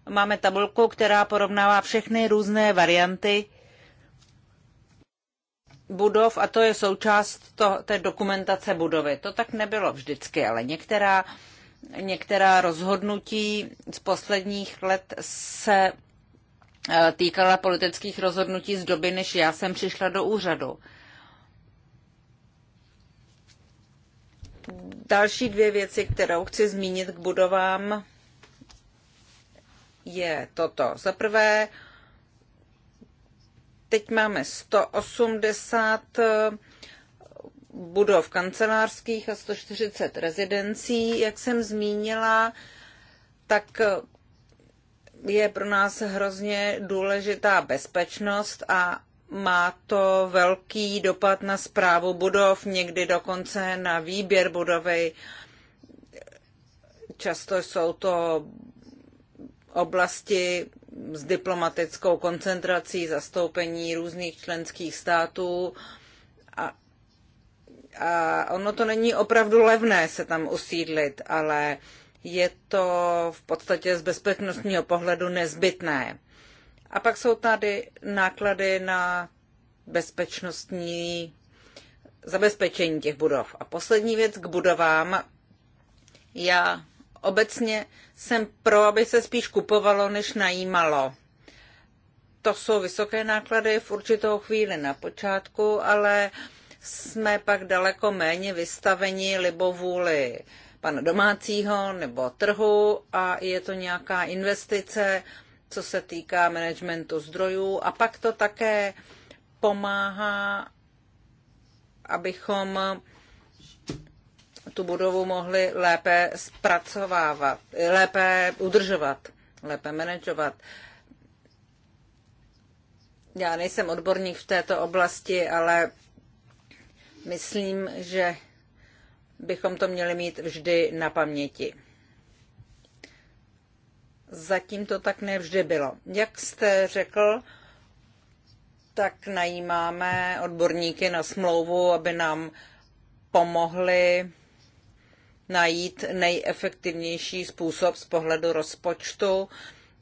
máme tabulku, která porovnává všechny různé varianty budov a to je součást to, té dokumentace budovy. To tak nebylo vždycky, ale některá, některá rozhodnutí z posledních let se e, týkala politických rozhodnutí z doby, než já jsem přišla do úřadu. Další dvě věci, kterou chci zmínit k budovám, je toto. Za prvé, teď máme 180 eh, budov kancelářských a 140 rezidencí. Jak jsem zmínila, tak eh, je pro nás hrozně důležitá bezpečnost a má to velký dopad na zprávu budov, někdy dokonce na výběr budovy. Často jsou to oblasti s diplomatickou koncentrací zastoupení různých členských států. A, a ono to není opravdu levné se tam usídlit, ale je to v podstatě z bezpečnostního pohledu nezbytné. A pak jsou tady náklady na bezpečnostní zabezpečení těch budov. A poslední věc k budovám. Já obecně jsem pro, aby se spíš kupovalo, než najímalo. To jsou vysoké náklady v určitou chvíli na počátku, ale jsme pak daleko méně vystaveni libovůli pana domácího nebo trhu a je to nějaká investice, co se týká managementu zdrojů a pak to také pomáhá, abychom tu budovu mohli lépe zpracovávat, lépe udržovat, lépe manažovat. Já nejsem odborník v této oblasti, ale myslím, že bychom to měli mít vždy na paměti. Zatím to tak nevždy bylo. Jak jste řekl, tak najímáme odborníky na smlouvu, aby nám pomohli najít nejefektivnější způsob z pohledu rozpočtu,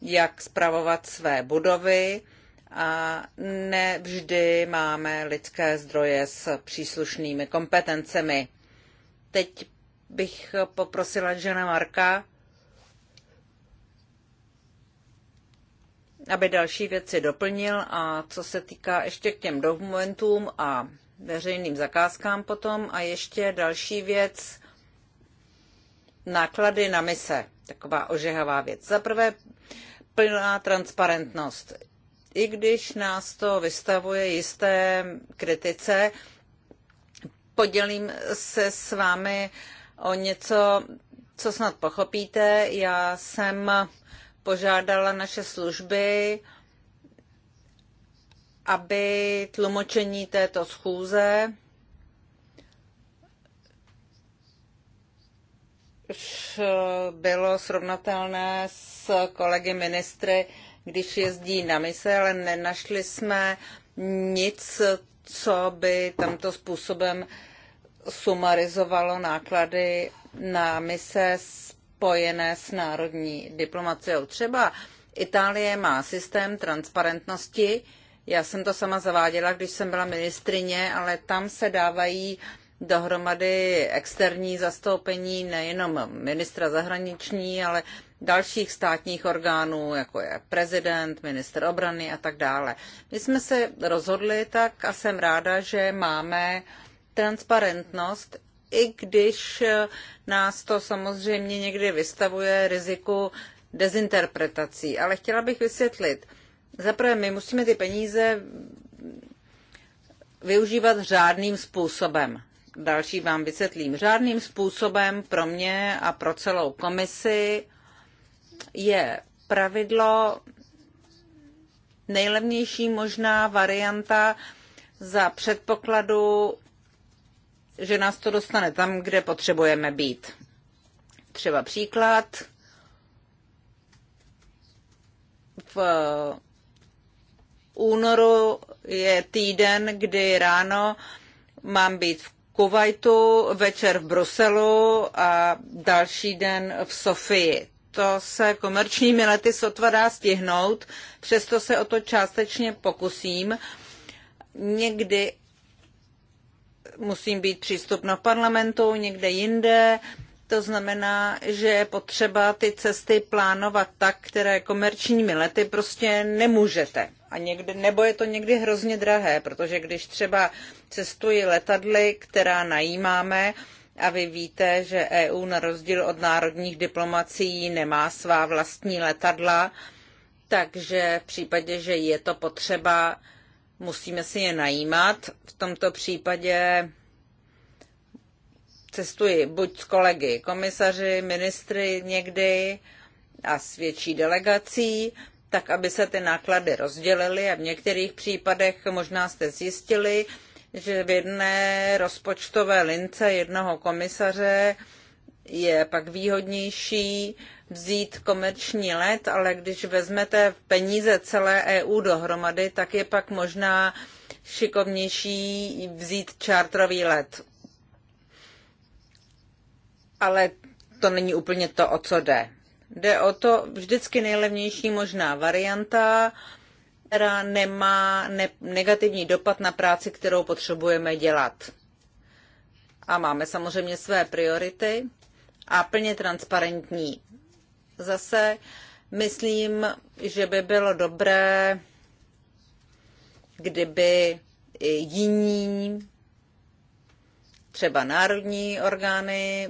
jak spravovat své budovy a nevždy máme lidské zdroje s příslušnými kompetencemi. Teď bych poprosila žena Marka, aby další věci doplnil a co se týká ještě k těm dokumentům a veřejným zakázkám potom a ještě další věc, náklady na mise, taková ožehavá věc. Za prvé plná transparentnost. I když nás to vystavuje jisté kritice, podělím se s vámi o něco, co snad pochopíte. Já jsem požádala naše služby, aby tlumočení této schůze bylo srovnatelné s kolegy ministry, když jezdí na mise, ale nenašli jsme nic, co by tamto způsobem sumarizovalo náklady na mise s spojené s národní diplomaciou. Třeba Itálie má systém transparentnosti. Já jsem to sama zaváděla, když jsem byla ministrině, ale tam se dávají dohromady externí zastoupení nejenom ministra zahraniční, ale dalších státních orgánů, jako je prezident, minister obrany a tak dále. My jsme se rozhodli tak a jsem ráda, že máme transparentnost i když nás to samozřejmě někdy vystavuje riziku dezinterpretací. Ale chtěla bych vysvětlit. Zaprvé, my musíme ty peníze využívat řádným způsobem. Další vám vysvětlím. Řádným způsobem pro mě a pro celou komisi je pravidlo nejlevnější možná varianta za předpokladu že nás to dostane tam, kde potřebujeme být. Třeba příklad. V únoru je týden, kdy ráno mám být v Kuwaitu, večer v Bruselu a další den v Sofii. To se komerčními lety sotva dá stihnout, přesto se o to částečně pokusím. Někdy musím být přístupna v parlamentu, někde jinde. To znamená, že je potřeba ty cesty plánovat tak, které komerčními lety prostě nemůžete. A někdy, nebo je to někdy hrozně drahé, protože když třeba cestuji letadly, která najímáme, a vy víte, že EU na rozdíl od národních diplomací nemá svá vlastní letadla, takže v případě, že je to potřeba, musíme si je najímat. V tomto případě cestuji buď s kolegy komisaři, ministry někdy a s větší delegací, tak aby se ty náklady rozdělily a v některých případech možná jste zjistili, že v jedné rozpočtové lince jednoho komisaře je pak výhodnější vzít komerční let, ale když vezmete peníze celé EU dohromady, tak je pak možná šikovnější vzít čártrový let. Ale to není úplně to, o co jde. Jde o to vždycky nejlevnější možná varianta, která nemá ne- negativní dopad na práci, kterou potřebujeme dělat. A máme samozřejmě své priority a plně transparentní Zase myslím, že by bylo dobré, kdyby i jiní, třeba národní orgány,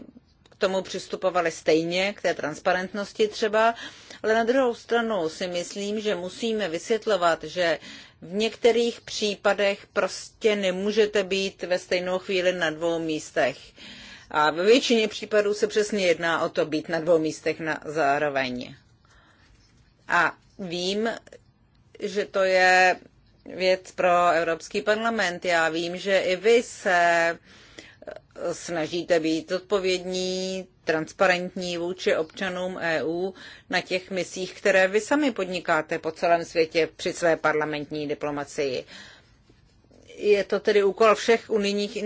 k tomu přistupovali stejně, k té transparentnosti třeba, ale na druhou stranu si myslím, že musíme vysvětlovat, že v některých případech prostě nemůžete být ve stejnou chvíli na dvou místech. Uh, a ve většině případů se přesně jedná o to být na dvou místech na zároveň. A vím, že to je věc pro Evropský parlament. Já vím, že i vy se snažíte být odpovědní, transparentní vůči občanům EU na těch misích, které vy sami podnikáte po celém světě při své parlamentní diplomacii je to tedy úkol všech unijních,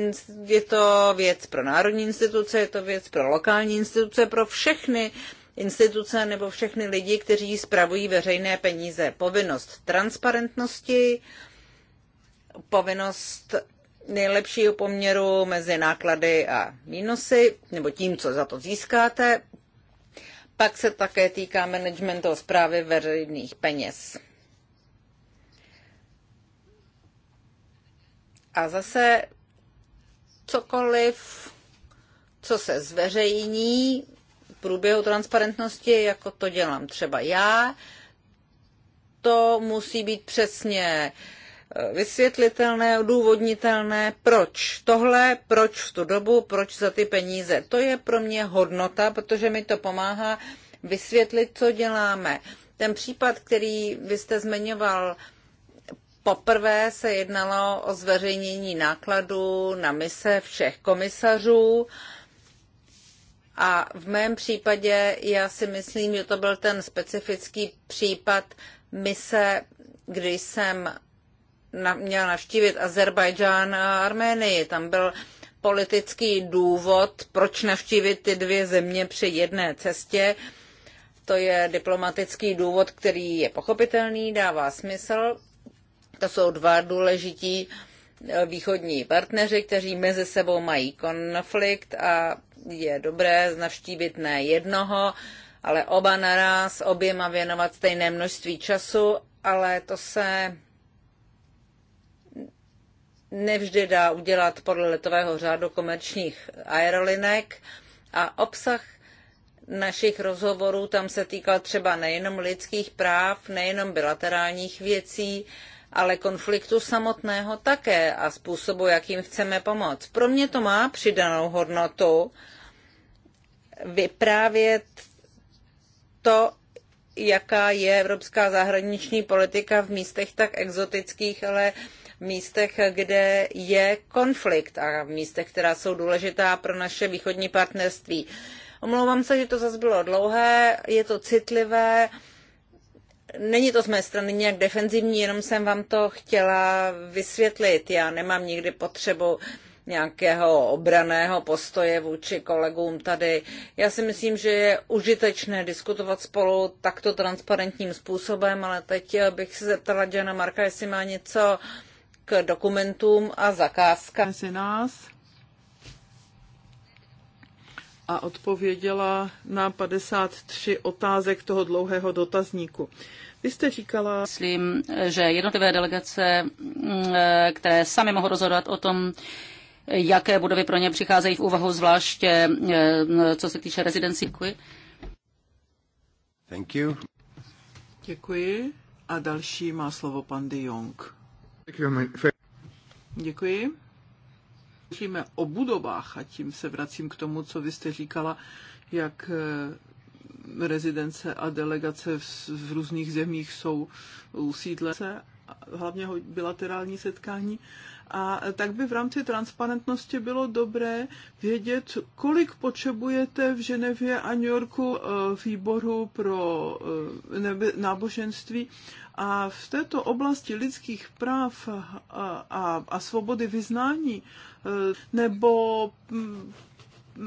je to věc pro národní instituce, je to věc pro lokální instituce, pro všechny instituce nebo všechny lidi, kteří spravují veřejné peníze. Povinnost transparentnosti, povinnost nejlepšího poměru mezi náklady a výnosy, nebo tím, co za to získáte. Pak se také týká managementu zprávy veřejných peněz. A zase cokoliv, co se zveřejní v průběhu transparentnosti, jako to dělám třeba já, to musí být přesně eh, vysvětlitelné, odůvodnitelné, proč tohle, proč v tu dobu, proč za ty peníze. To je pro mě hodnota, protože mi to pomáhá vysvětlit, co děláme. Ten případ, který vy jste zmiňoval, Poprvé se jednalo o zveřejnění nákladů na mise všech komisařů. A v mém případě já si myslím, že to byl ten specifický případ mise, kdy jsem na, měl navštívit Azerbajdžán a Arménii. Tam byl politický důvod, proč navštívit ty dvě země při jedné cestě. To je diplomatický důvod, který je pochopitelný, dává smysl, to jsou dva důležití eh, východní partneři, kteří mezi sebou mají konflikt a je dobré navštívit ne jednoho, ale oba naraz, oběma věnovat stejné množství času, ale to se nevždy dá udělat podle letového řádu komerčních aerolinek a obsah našich rozhovorů tam se týkal třeba nejenom lidských práv, nejenom bilaterálních věcí, ale konfliktu samotného také a způsobu, jakým chceme pomoct. Pro mě to má přidanou hodnotu vyprávět to, jaká je evropská zahraniční politika v místech tak exotických, ale v místech, kde je konflikt a v místech, která jsou důležitá pro naše východní partnerství. Omlouvám se, že to zase bylo dlouhé, je to citlivé, Není to z mé strany nějak defenzivní, jenom jsem vám to chtěla vysvětlit. Já nemám nikdy potřebu nějakého obraného postoje vůči kolegům tady. Já si myslím, že je užitečné diskutovat spolu takto transparentním způsobem, ale teď bych se zeptala Jana Marka, jestli má něco k dokumentům a zakázkám. Mezi nás a odpověděla na 53 otázek toho dlouhého dotazníku. Vy jste říkala... Myslím, že jednotlivé delegace, mm, které sami mohou rozhodovat o tom, jaké budovy pro ně přicházejí v úvahu, zvláště mm, co se týče rezidencí. Děkuji. Thank you. Děkuji. A další má slovo pan de Jong. Děkuji mluvíme o budovách, a tím se vracím k tomu, co vy jste říkala, jak eh, rezidence a delegace v, v různých zemích jsou usídlené, hlavně bilaterální setkání, a tak by v rámci transparentnosti bylo dobré vědět, kolik potřebujete v Ženevě a New Yorku eh, výboru pro eh, náboženství. A v této oblasti lidských práv a, a, a svobody vyznání eh, nebo mm,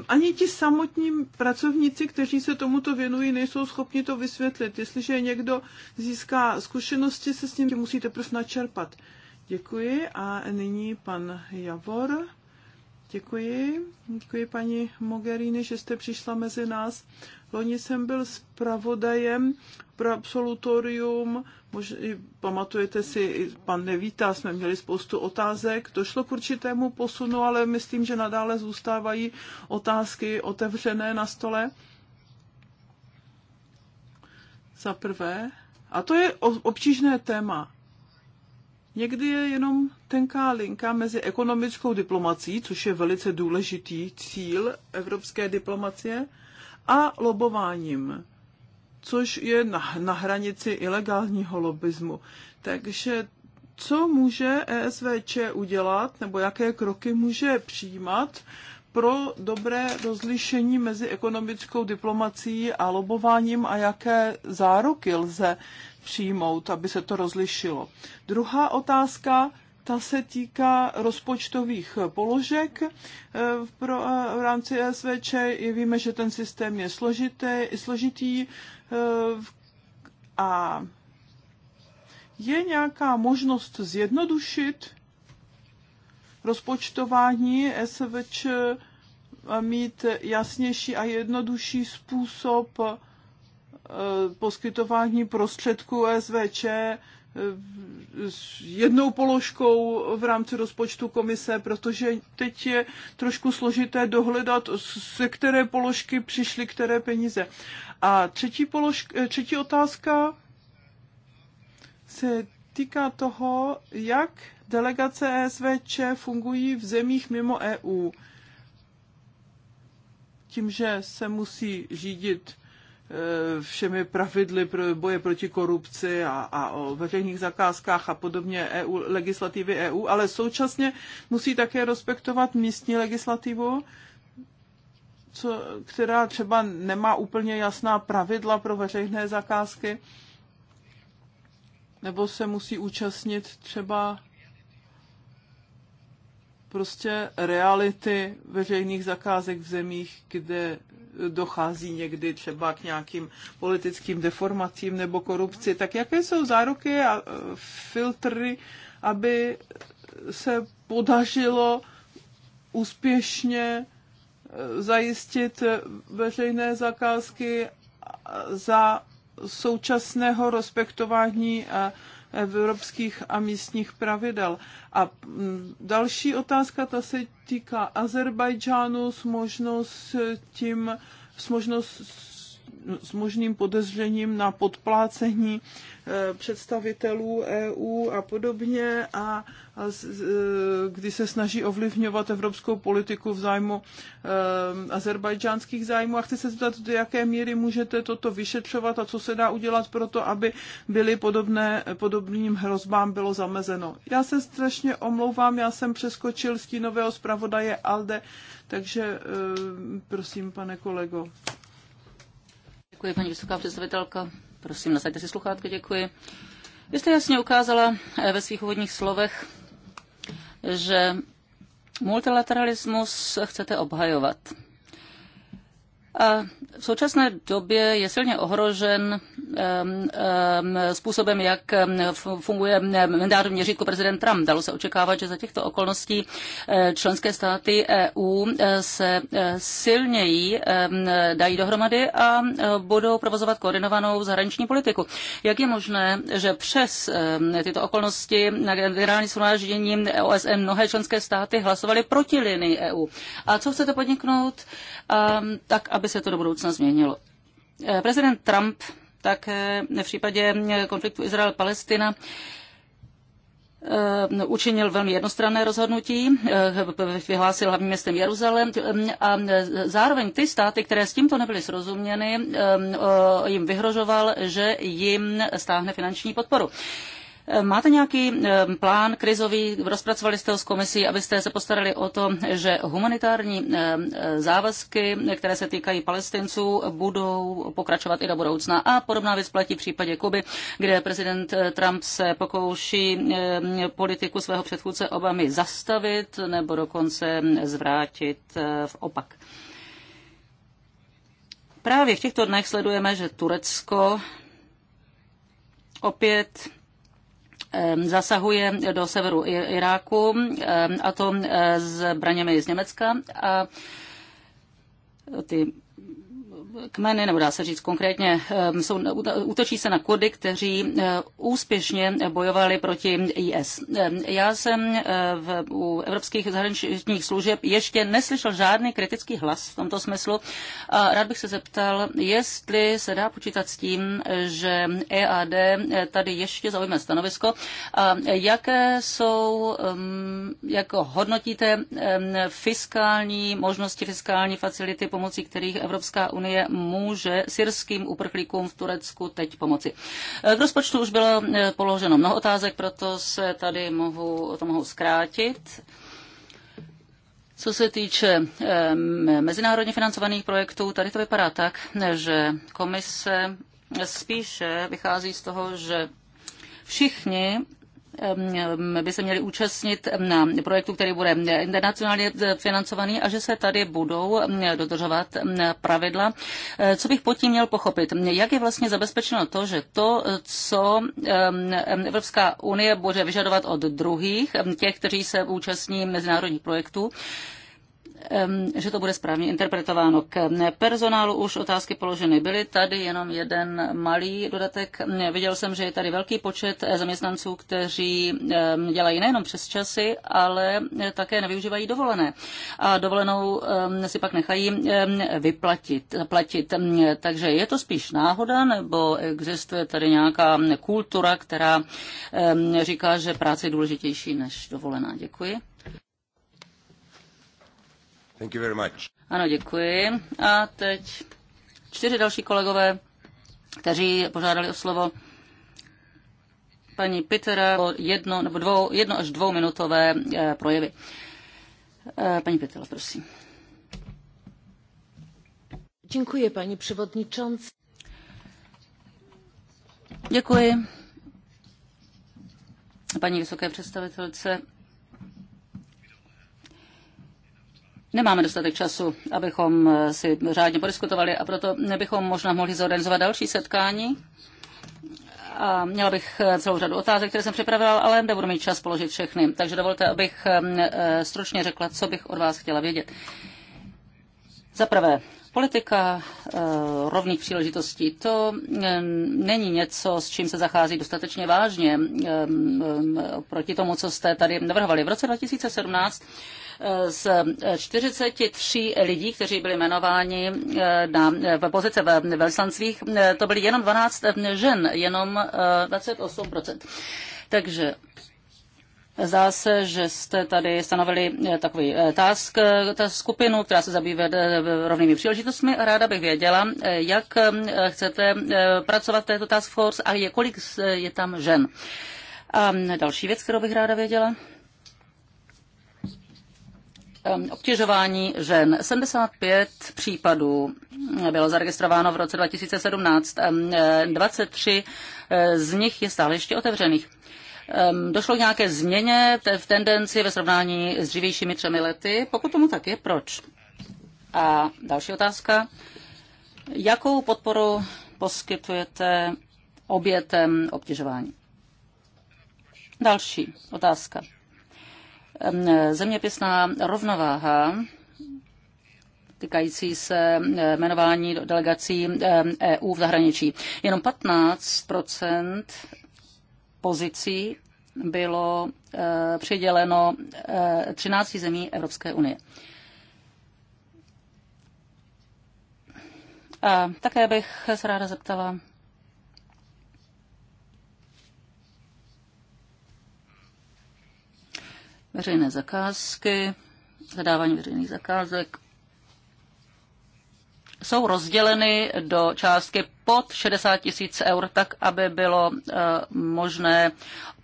ani ti samotní pracovníci, kteří se tomuto věnují, nejsou schopni to vysvětlit. Jestliže někdo získá zkušenosti, se s ním musíte prostě načerpat. Děkuji a nyní pan Javor. Děkuji. Děkuji paní Mogherini, že jste přišla mezi nás. Loni jsem byl zpravodajem pro absolutorium. Mož, pamatujete si, pan Nevíta, jsme měli spoustu otázek. Došlo k určitému posunu, ale myslím, že nadále zůstávají otázky otevřené na stole. Za prvé, a to je obtížné téma, Někdy je jenom tenká linka mezi ekonomickou diplomací, což je velice důležitý cíl evropské diplomacie, a lobováním, což je na, na hranici ilegálního lobismu. Takže co může ESVČ udělat, nebo jaké kroky může přijímat pro dobré rozlišení mezi ekonomickou diplomací a lobováním a jaké záruky lze přijmout, aby se to rozlišilo. Druhá otázka, ta se týká rozpočtových položek e, pro, e, v rámci SVČ. Víme, že ten systém je složitý, složitý e, a je nějaká možnost zjednodušit rozpočtování SVČ a mít jasnější a jednodušší způsob Eh, poskytování prostředků SVČ eh, s jednou položkou v rámci rozpočtu komise, protože teď je trošku složité dohledat, se které položky přišly které peníze. A třetí, položka, eh, třetí otázka se týká toho, jak delegace ESVČ fungují v zemích mimo EU. Tím, že se musí řídit Eh, všemi pravidly pro boje proti korupci a, a o veřejných zakázkách a podobně EU, legislativy EU, ale současně musí také respektovat místní legislativu, co, která třeba nemá úplně jasná pravidla pro veřejné zakázky, nebo se musí účastnit třeba prostě reality veřejných zakázek v zemích, kde dochází někdy třeba k nějakým politickým deformacím nebo korupci, tak jaké jsou záruky a e, filtry, aby se podařilo úspěšně e, zajistit veřejné zakázky za současného respektování a evropských a místních pravidel. A mm, další otázka, ta se týká Azerbajdžánu s možností s možnost s možným podezřením na podplácení eh, představitelů EU a podobně a, kdy se snaží ovlivňovat evropskou politiku v zájmu eh, azerbajdžánských zájmů. A chci se zeptat, do jaké míry můžete toto vyšetřovat a co se dá udělat pro to, aby byly podobné, podobným hrozbám bylo zamezeno. Já se strašně omlouvám, já jsem přeskočil stínového zpravodaje Alde, takže eh, prosím, pane kolego. Děkuji, paní vysoká představitelka. Prosím, nasaďte si sluchátko, děkuji. Vy jste jasně ukázala eh, ve svých úvodních slovech, že multilateralismus chcete obhajovat. V současné době je silně ohrožen způsobem, jak funguje mandát měřítku prezident Trump. Dalo se očekávat, že za těchto okolností eh, členské státy EU eh, se eh, silněji dají dohromady a budou provozovat koordinovanou zahraniční politiku. Jak je možné, že přes tyto okolnosti na generální shromáždění OSN mnohé členské státy hlasovaly proti linii EU? A co chcete podniknout, tak aby aby se to do budoucna změnilo. Eh, prezident Trump tak v případě konfliktu Izrael-Palestina eh, učinil velmi jednostranné rozhodnutí, eh, vyhlásil hlavním městem Jeruzalém a zároveň ty státy, které s tímto nebyly srozuměny, jim vyhrožoval, že jim stáhne finanční podporu. Eh, Máte nějaký eh, plán krizový, rozpracovali jste ho s komisí, abyste se postarali o to, že humanitární eh, závazky, které se týkají palestinců, budou pokračovat i do budoucna. A podobná věc platí v případě Kuby, kde prezident Trump se pokouší politiku svého předchůdce Obamy zastavit nebo dokonce zvrátit v opak. Právě v těchto dnech sledujeme, že Turecko opět zasahuje do severu Iráku, a to zbraněmi z Německa. A ty kmeny, nebo dá se říct konkrétně, eh, jsou, eh, útočí se na Kurdy, kteří eh, úspěšně bojovali proti IS. Já jsem v, u evropských zahraničních služeb ještě neslyšel žádný kritický hlas v tomto smyslu. A rád bych se zeptal, jestli se dá počítat s tím, že EAD tady ještě zaujme stanovisko a jaké jsou, mm, jako hodnotíte mm, fiskální možnosti, fiskální facility, pomocí kterých Evropská unie může syrským uprchlíkům v Turecku teď pomoci. K rozpočtu už bylo eh, položeno mnoho otázek, proto se tady mohu, to mohu zkrátit. Co se týče eh, mezinárodně financovaných projektů, tady to vypadá tak, že komise spíše vychází z toho, že všichni by se měli účastnit na projektu, který bude internacionálně eh, financovaný a že se tady budou dodržovat pravidla. Eh, co bych pod tím měl pochopit? Jak je vlastně zabezpečeno to, že to, co Evropská unie bude vyžadovat od druhých, těch, kteří se účastní mezinárodních projektů, že to bude správně interpretováno. K personálu už otázky položeny byly, tady jenom jeden malý dodatek. Viděl jsem, že je tady velký počet eh, zaměstnanců, kteří dělají nejenom přes časy, ale eh, také nevyužívají dovolené. A dovolenou si pak nechají vyplatit. Platit. Takže je to spíš náhoda, nebo existuje tady nějaká kultura, která říká, že práce je důležitější než dovolená. Děkuji. Thank you very much. Ano, děkuji. A teď čtyři další kolegové, kteří požádali o slovo. Paní Pitera o jedno, nebo dvou, jedno až dvouminutové eh, projevy. Eh, paní Pitera, prosím. Děkuji, paní předsedající. Děkuji paní vysoké představitelce Nemáme dostatek času, abychom eh, si řádně podiskutovali a proto bychom možná mohli zorganizovat další setkání. A měla bych eh, celou řadu otázek, které jsem připravila, ale nebudu mít čas položit všechny. Takže dovolte, abych eh, stručně řekla, co bych od vás chtěla vědět. Za prvé, politika rovných příležitostí, to není něco, s čím se zachází dostatečně vážně proti tomu, co jste tady navrhovali. V roce 2017 z 43 lidí, kteří byli jmenováni eh, na, eh, v pozice ve velslancích, eh, to byly jenom 12 žen, jenom 28%. Takže Zdá se, že jste tady stanovili takový task, ta skupinu, která se zabývá rovnými příležitostmi. Ráda bych věděla, jak chcete pracovat v této task force a je, kolik je tam žen. A další věc, kterou bych ráda věděla obtěžování žen. 75 případů eh, bylo zaregistrováno v roce 2017. 23 eh, eh, z nich je stále ještě otevřených. Došlo k nějaké změně v tendenci ve srovnání s dřívějšími třemi lety? Pokud tomu tak je, proč? A další otázka. Jakou podporu poskytujete obětem obtěžování? Další otázka zeměpisná rovnováha týkající se e, jmenování delegací EU e v zahraničí. Jenom 15 pozicí bylo e, přiděleno 13 zemí Evropské unie. A také bych se ráda zeptala, veřejné zakázky, zadávání veřejných zakázek jsou rozděleny do částky pod 60 tisíc eur, tak aby bylo eh, možné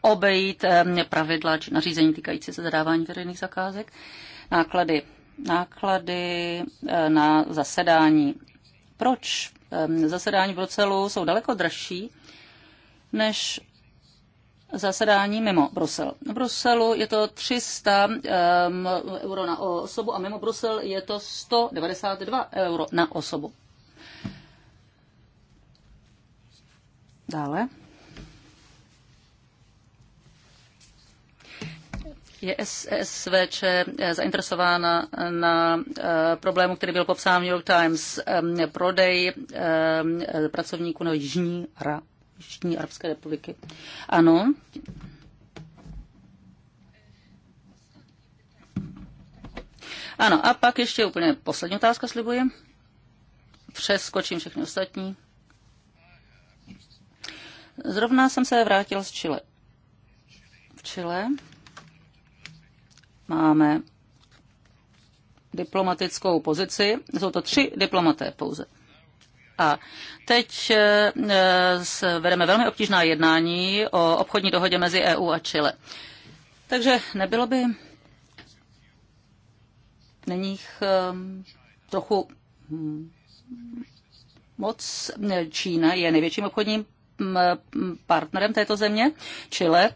obejít eh, pravidla či nařízení týkající se zadávání veřejných zakázek. Náklady, náklady eh, na zasedání. Proč zasedání v Bruselu jsou daleko dražší než zasedání mimo Brusel. V Bruselu je to 300 um, euro na osobu a mimo Brusel je to 192 euro na osobu. Dále. Je SSVČ eh, zainteresována na eh, problému, který byl popsán v New York Times, prodej pracovníků na Jižní Jižní Arabské republiky. Ano. Ano, a pak ještě úplně poslední otázka, slibuji. Přeskočím všechny ostatní. Zrovna jsem se vrátil z Chile. V Chile máme diplomatickou pozici. Jsou to tři diplomaté pouze. A teď eh, eh, vedeme velmi obtížná jednání o obchodní dohodě mezi EU a Chile. Takže nebylo by na nich eh, trochu hm, moc. Čína je největším obchodním hm, partnerem této země, Chile.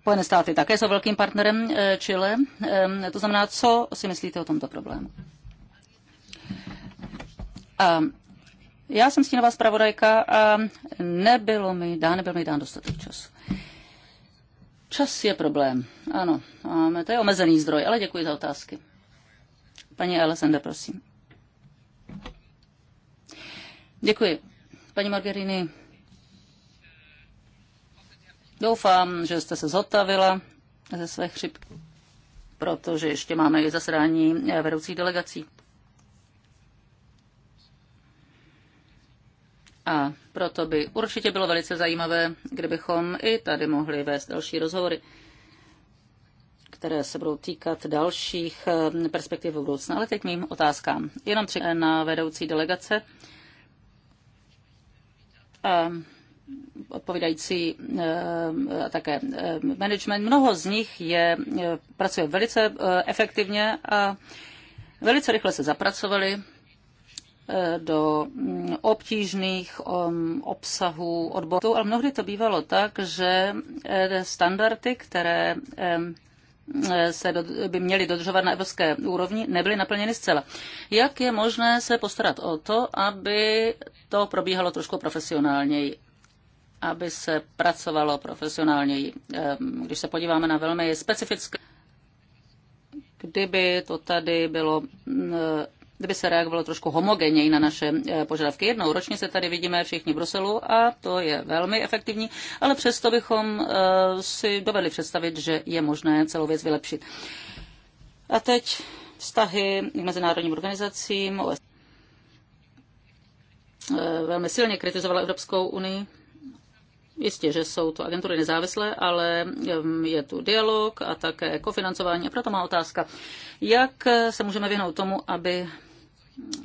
Spojené státy také jsou velkým partnerem Chile. Ehm, to znamená, co si myslíte o tomto problému? A ehm, já jsem stínová zpravodajka a nebylo mi dá, nebyl mi dán dostatek času. Čas je problém. Ano, máme, to je omezený zdroj, ale děkuji za otázky. Paní Alessandra, prosím. Děkuji. Paní Margerini, doufám, že jste se zotavila ze své chřipky, protože ještě máme i zasedání vedoucích delegací. A proto by určitě bylo velice zajímavé, kdybychom i tady mohli vést další rozhovory, které se budou týkat dalších eh, perspektiv v budoucna. Ale teď mým otázkám. Jenom tři na vedoucí delegace. A odpovídající eh, a také eh, management. Mnoho z nich je, pracuje velice efektivně a velice rychle se zapracovali do mm, obtížných um, obsahů odborů, ale mnohdy to bývalo tak, že eh, standardy, které eh, se do, by měly dodržovat na evropské úrovni, nebyly naplněny zcela. Jak je možné se postarat o to, aby to probíhalo trošku profesionálněji? aby se pracovalo profesionálněji. Když se podíváme na velmi specifické, kdyby to tady bylo kdyby se reagovalo trošku homogenněji na naše eh, požadavky. Jednou ročně se tady vidíme všichni v Bruselu a to je velmi efektivní, ale přesto bychom eh, si dovedli představit, že je možné celou věc vylepšit. A teď vztahy k mezinárodním organizacím. Eh, velmi silně kritizovala Evropskou unii. Jistě, že jsou to agentury nezávislé, ale je tu dialog a také kofinancování. A proto má otázka, jak se můžeme vyhnout tomu, aby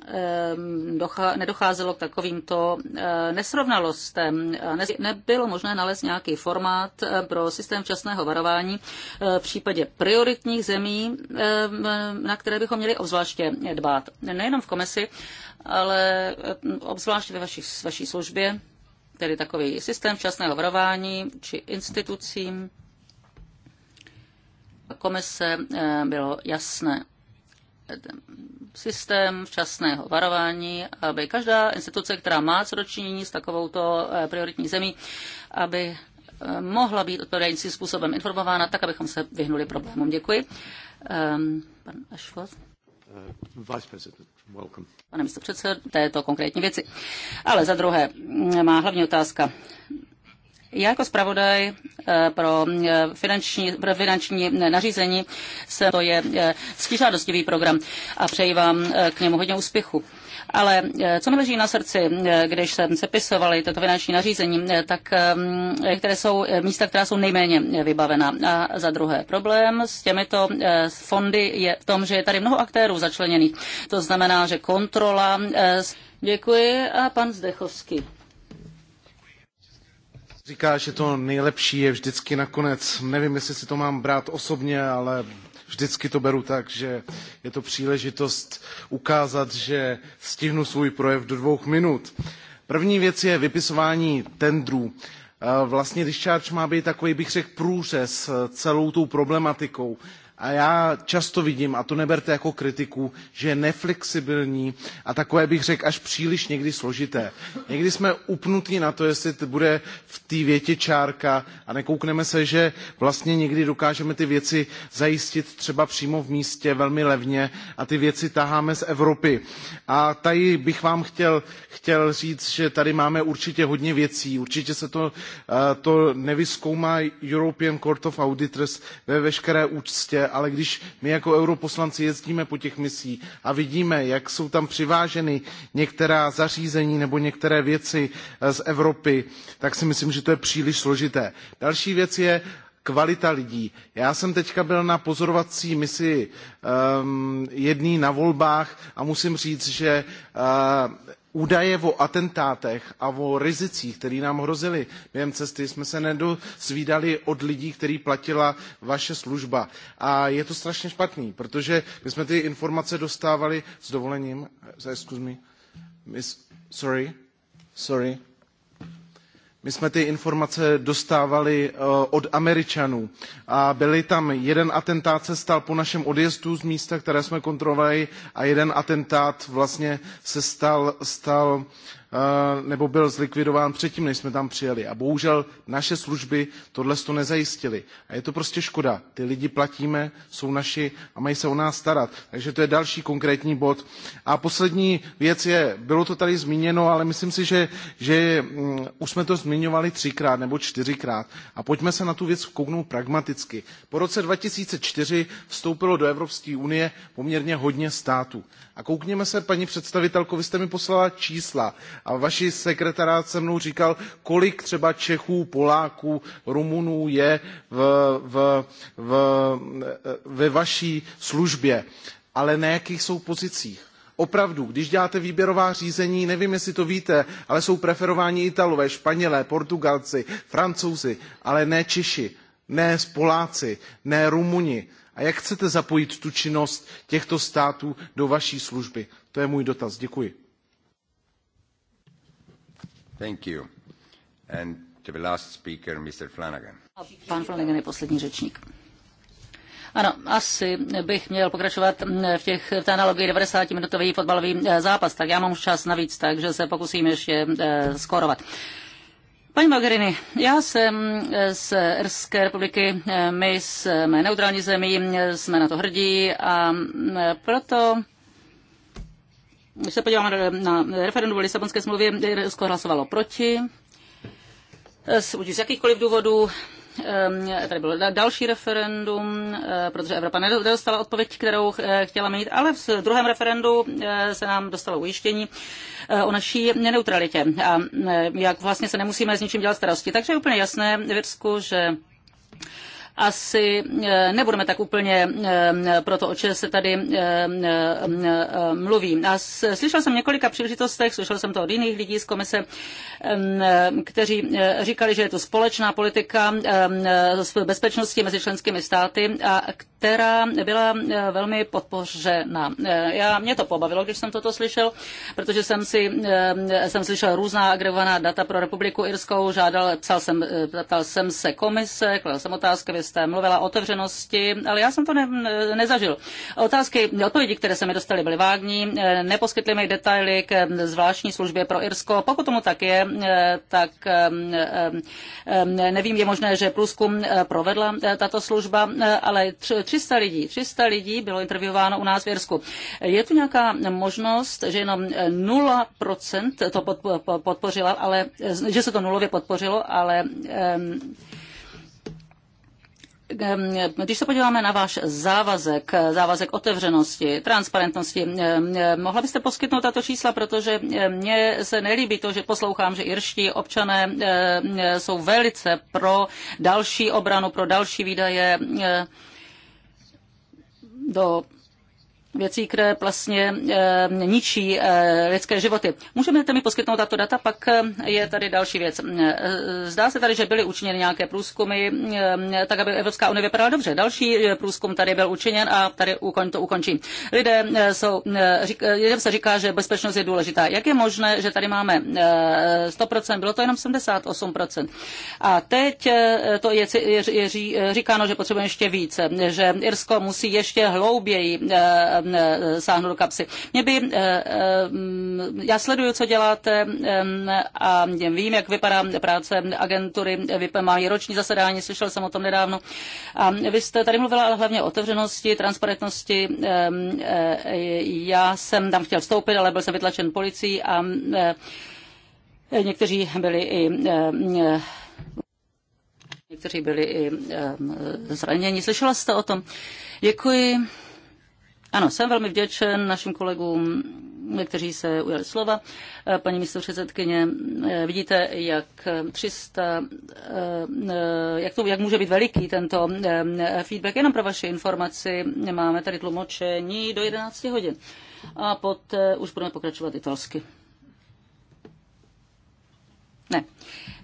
Ehm, nedocházelo k takovýmto eh, nesrovnalostem. Nebylo možné nalézt nějaký formát eh, pro systém včasného varování eh, v případě prioritních zemí, ehm, na které bychom měli obzvláště dbát. Nejenom v komisi, ale obzvláště ve vaší, vaší službě, tedy takový systém včasného varování či institucím komise bylo jasné systém včasného varování, aby každá instituce, která má co dočinění s takovouto eh, prioritní zemí, aby eh, mohla být odpovědajícím způsobem informována, tak abychom se vyhnuli problémům. Děkuji. Um, pan Ashworth. Eh, Pane místo předsedo, této konkrétní věci. Ale za druhé, má hlavní otázka. Já jako zpravodaj Eh, pro eh, finanční, pro finanční nařízení. To je eh, stižádostivý program a přeji vám k němu hodně úspěchu. Ale co mi leží na srdci, když jsem sepisovali toto finanční nařízení, tak které jsou místa, která jsou nejméně vybavená. A za druhé, problém s těmito fondy je v tom, že je tady mnoho aktérů začleněných. To znamená, že kontrola. Děkuji a pan Zdechovský. Říká, že to nejlepší je vždycky nakonec. Nevím, jestli si to mám brát osobně, ale vždycky to beru tak, že je to příležitost ukázat, že stihnu svůj projev do dvou minut. První věc je vypisování tendrů. E, vlastně discharge má být takový, bych řekl, průřez celou tou problematikou. A já často vidím, a to neberte jako kritiku, že je neflexibilní a takové bych řekl až příliš někdy složité. Někdy jsme upnutí na to, jestli bude v té větě čárka a nekoukneme se, že vlastně někdy dokážeme ty věci zajistit třeba přímo v místě velmi levně a ty věci taháme z Evropy. A tady bych vám chtěl, chtěl říct, že tady máme určitě hodně věcí. Určitě se to, eh, to nevyskoumá European Court of Auditors ve veškeré úctě ale když my jako europoslanci jezdíme po těch misích a vidíme, jak jsou tam přiváženy některá zařízení nebo některé věci eh, z Evropy, tak si myslím, že to je příliš složité. Další věc je, kvalita lidí. Já jsem teďka byl na pozorovací misi um, jedný na volbách a musím říct, že uh, údaje o atentátech a o rizicích, které nám hrozily během cesty, jsme se nedozvídali od lidí, který platila vaše služba. A je to strašně špatný, protože my jsme ty informace dostávali s dovolením, eh, excuse me, miss, sorry, sorry, my jsme ty informace dostávali eh, od američanů a byli tam jeden atentát se stal po našem odjezdu z místa které jsme kontrolovali a jeden atentát vlastně se stal, stal Eh, nebo byl zlikvidován předtím, než jsme tam přijeli. A bohužel naše služby tohle to nezajistily. A je to prostě škoda. Ty lidi platíme, jsou naši a mají se o nás starat. Takže to je další konkrétní bod. A poslední věc je, bylo to tady zmíněno, ale myslím si, že, že mm, už jsme to zmiňovali třikrát nebo čtyřikrát. A pojďme se na tu věc kouknout pragmaticky. Po roce 2004 vstoupilo do Evropské unie poměrně hodně států. A koukněme se, paní představitelko, vy jste mi poslala čísla a váš sekretariát se mnou říkal, kolik třeba Čechů, Poláků, Rumunů je v, v, v, ve vaší službě, ale na jakých jsou pozicích opravdu když děláte výběrová řízení nevím jestli to víte ale jsou preferováni italové španělé portugalci francouzi ale ne češi ne poláci ne rumuni a jak chcete zapojit tu činnost těchto států do vaší služby to je můj dotaz děkuji Thank you. And to the last speaker, Mr. Flanagan. pan Flanagan je poslední řečník. Ano, asi bych měl pokračovat v, těch, v té analogii 90-minutový fotbalový eh, zápas, tak já mám čas navíc, takže se pokusím ještě eh, skorovat. Paní Mogherini, já jsem eh, z Erské republiky, my jsme neutrální zemí, jsme na to hrdí a proto když se podíváme na referendum o Lisabonské smlouvě, Irsko hlasovalo proti, z, eh, z jakýchkoliv důvodů. Eh, tady bylo další referendum, eh, protože Evropa nedostala odpověď, kterou chtěla mít, ale v druhém referendu se nám dostalo ujištění o naší neutralitě a jak vlastně se nemusíme s ničím dělat starosti. Takže je úplně jasné v Irsku, že asi eh, nebudeme tak úplně eh, pro to, o čem se tady eh, mluví. A slyšel jsem několika příležitostech, slyšel jsem to od jiných lidí z komise, kteří říkali, že je to společná politika bezpečnosti mezi členskými státy, a která byla velmi podpořena. Já, mě to pobavilo, když jsem toto slyšel, protože jsem si jsem slyšel různá agregovaná data pro Republiku Irskou, žádal, psal jsem, ptal jsem se komise, kladl jsem otázky, vy jste mluvila o otevřenosti, ale já jsem to ne, nezažil. Otázky, odpovědi, které se mi dostaly, byly vágní, eh, neposkytli mi detaily k eh, zvláštní službě pro Irsko. Pokud tomu tak je, eh, tak ehm, ehm, nevím, je možné, že průzkum provedla tato služba, ale 300 lidí, 300 lidí bylo intervjuováno u nás v Irsku. Je tu nějaká možnost, že jenom 0% to podpořila, ale, že se to nulově podpořilo, ale um, Ehm, když se podíváme na váš závazek, závazek otevřenosti, transparentnosti, ehm, ehm, mohla byste poskytnout tato čísla, protože mně se nelíbí to, že poslouchám, že irští občané jsou velice pro další obranu, pro další výdaje do věcí, které vlastně e, ničí e, lidské životy. Můžete mi poskytnout tato data, pak eh, je tady další věc. Zdá se tady, že byly učiněny nějaké průzkumy, e, tak aby Evropská unie vypadala dobře. Další průzkum tady byl učiněn a tady to ukončí. Lidé jsou, řík, lidem se říká, že bezpečnost je důležitá. Jak je možné, že tady máme 100%, bylo to jenom 78%. A teď to je, je, je říkáno, že potřebujeme ještě více, že Irsko musí ještě hlouběji Eh, sáhnu do kapsy. Mě by, eh, eh, já sleduju, co děláte a vím, jak vypadá práce agentury, i roční zasedání, slyšel jsem o tom nedávno. A vy jste tady mluvila ale hlavně o otevřenosti, transparentnosti. Já jsem tam chtěl vstoupit, ale byl jsem vytlačen policií a někteří byli i Někteří byli i zraněni. Slyšela jste o tom? Děkuji. Ano, jsem velmi vděčen našim kolegům, kteří se ujali slova. Eh, paní místopředsedkyně, eh, vidíte, jak 300, eh, jak, to, jak může být veliký tento feedback. Jenom pro vaše informaci máme tady tlumočení do 11 hodin. A poté už budeme pokračovat italsky. Ne,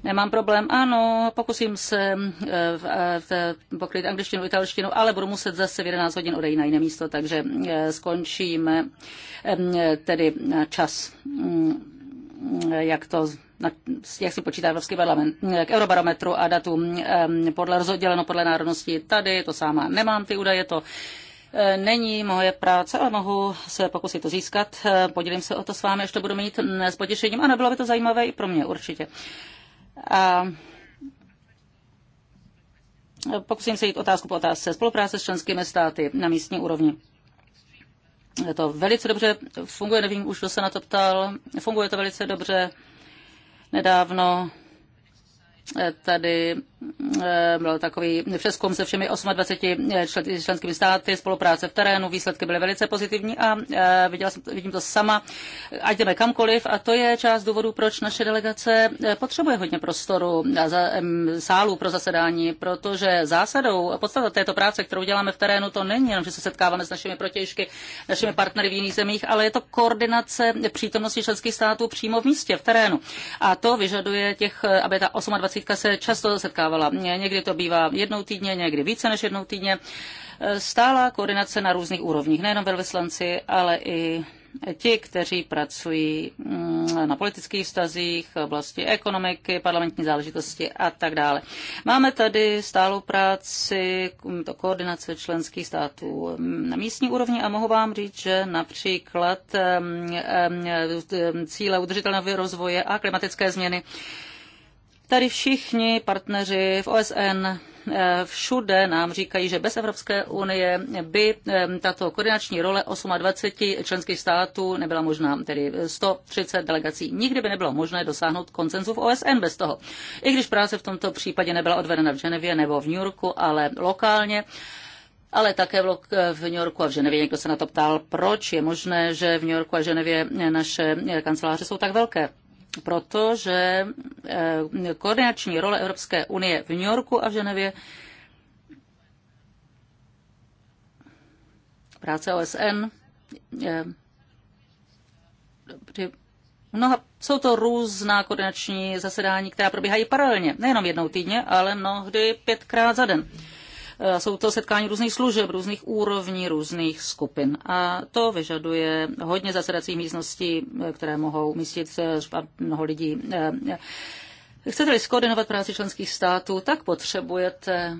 nemám problém. Ano, pokusím se eh, eh, pokryt angličtinu, italštinu, ale budu muset zase v 11 hodin odejít na jiné místo, takže eh, skončíme tedy čas, mm, jak to jak si počítá Evropský parlament, mm, k eurobarometru a datům podle rozděleno podle národnosti. Tady to sama nemám ty údaje, to E, není moje práce, ale mohu se pokusit to získat. E, podělím se o to s vámi, až to budu mít s potěšením. Ano, bylo by to zajímavé i pro mě určitě. A pokusím se jít otázku po otázce spolupráce s členskými státy na místní úrovni. To velice dobře funguje, nevím už, kdo se na to ptal. Funguje to velice dobře. Nedávno e, tady Eh, byl takový přeskum se všemi 28 eh, členskými státy, spolupráce v terénu, výsledky byly velice pozitivní a eh, viděla jsem, vidím to sama, ať jdeme kamkoliv a to je část důvodů, proč naše delegace potřebuje hodně prostoru a sálů pro zasedání, protože zásadou, podstata této práce, kterou děláme v terénu, to není jenom, že se setkáváme s našimi protěžky, našimi partnery v jiných zemích, ale je to koordinace přítomnosti členských států přímo v místě, v terénu. A to vyžaduje těch, aby ta 28 se často setkává setkávala. Někdy to bývá jednou týdně, někdy více než jednou týdně. Stála koordinace na různých úrovních, nejenom velvyslanci, ale i ti, kteří pracují mm, na politických vztazích, oblasti ekonomiky, parlamentní záležitosti a tak dále. Máme tady stálou práci, mm, to koordinace členských států mm, na místní úrovni a mohu vám říct, že například cíle udržitelného rozvoje a klimatické změny Tady všichni partneři v OSN eh, všude nám říkají, že bez Evropské unie by eh, tato koordinační role 28 členských států nebyla možná, tedy 130 delegací. Nikdy by nebylo možné dosáhnout koncenzu v OSN bez toho. I když práce v tomto případě nebyla odvedena v Ženevě nebo v New Yorku, ale lokálně, ale také v New Yorku a v Ženevě. Někdo se na to ptal, proč je možné, že v New Yorku a Ženevě naše eh, kanceláře jsou tak velké protože eh, koordinační role Evropské unie v New Yorku a v Ženevě práce OSN při eh, mnoha, jsou to různá koordinační zasedání, která probíhají paralelně, nejenom jednou týdně, ale mnohdy pětkrát za den. Eh, jsou to setkání různých služeb, různých úrovní, různých skupin. A to vyžaduje hodně zasedacích místností, eh, které mohou umístit eh, mnoho lidí. Chcete-li skoordinovat práci členských států, tak potřebujete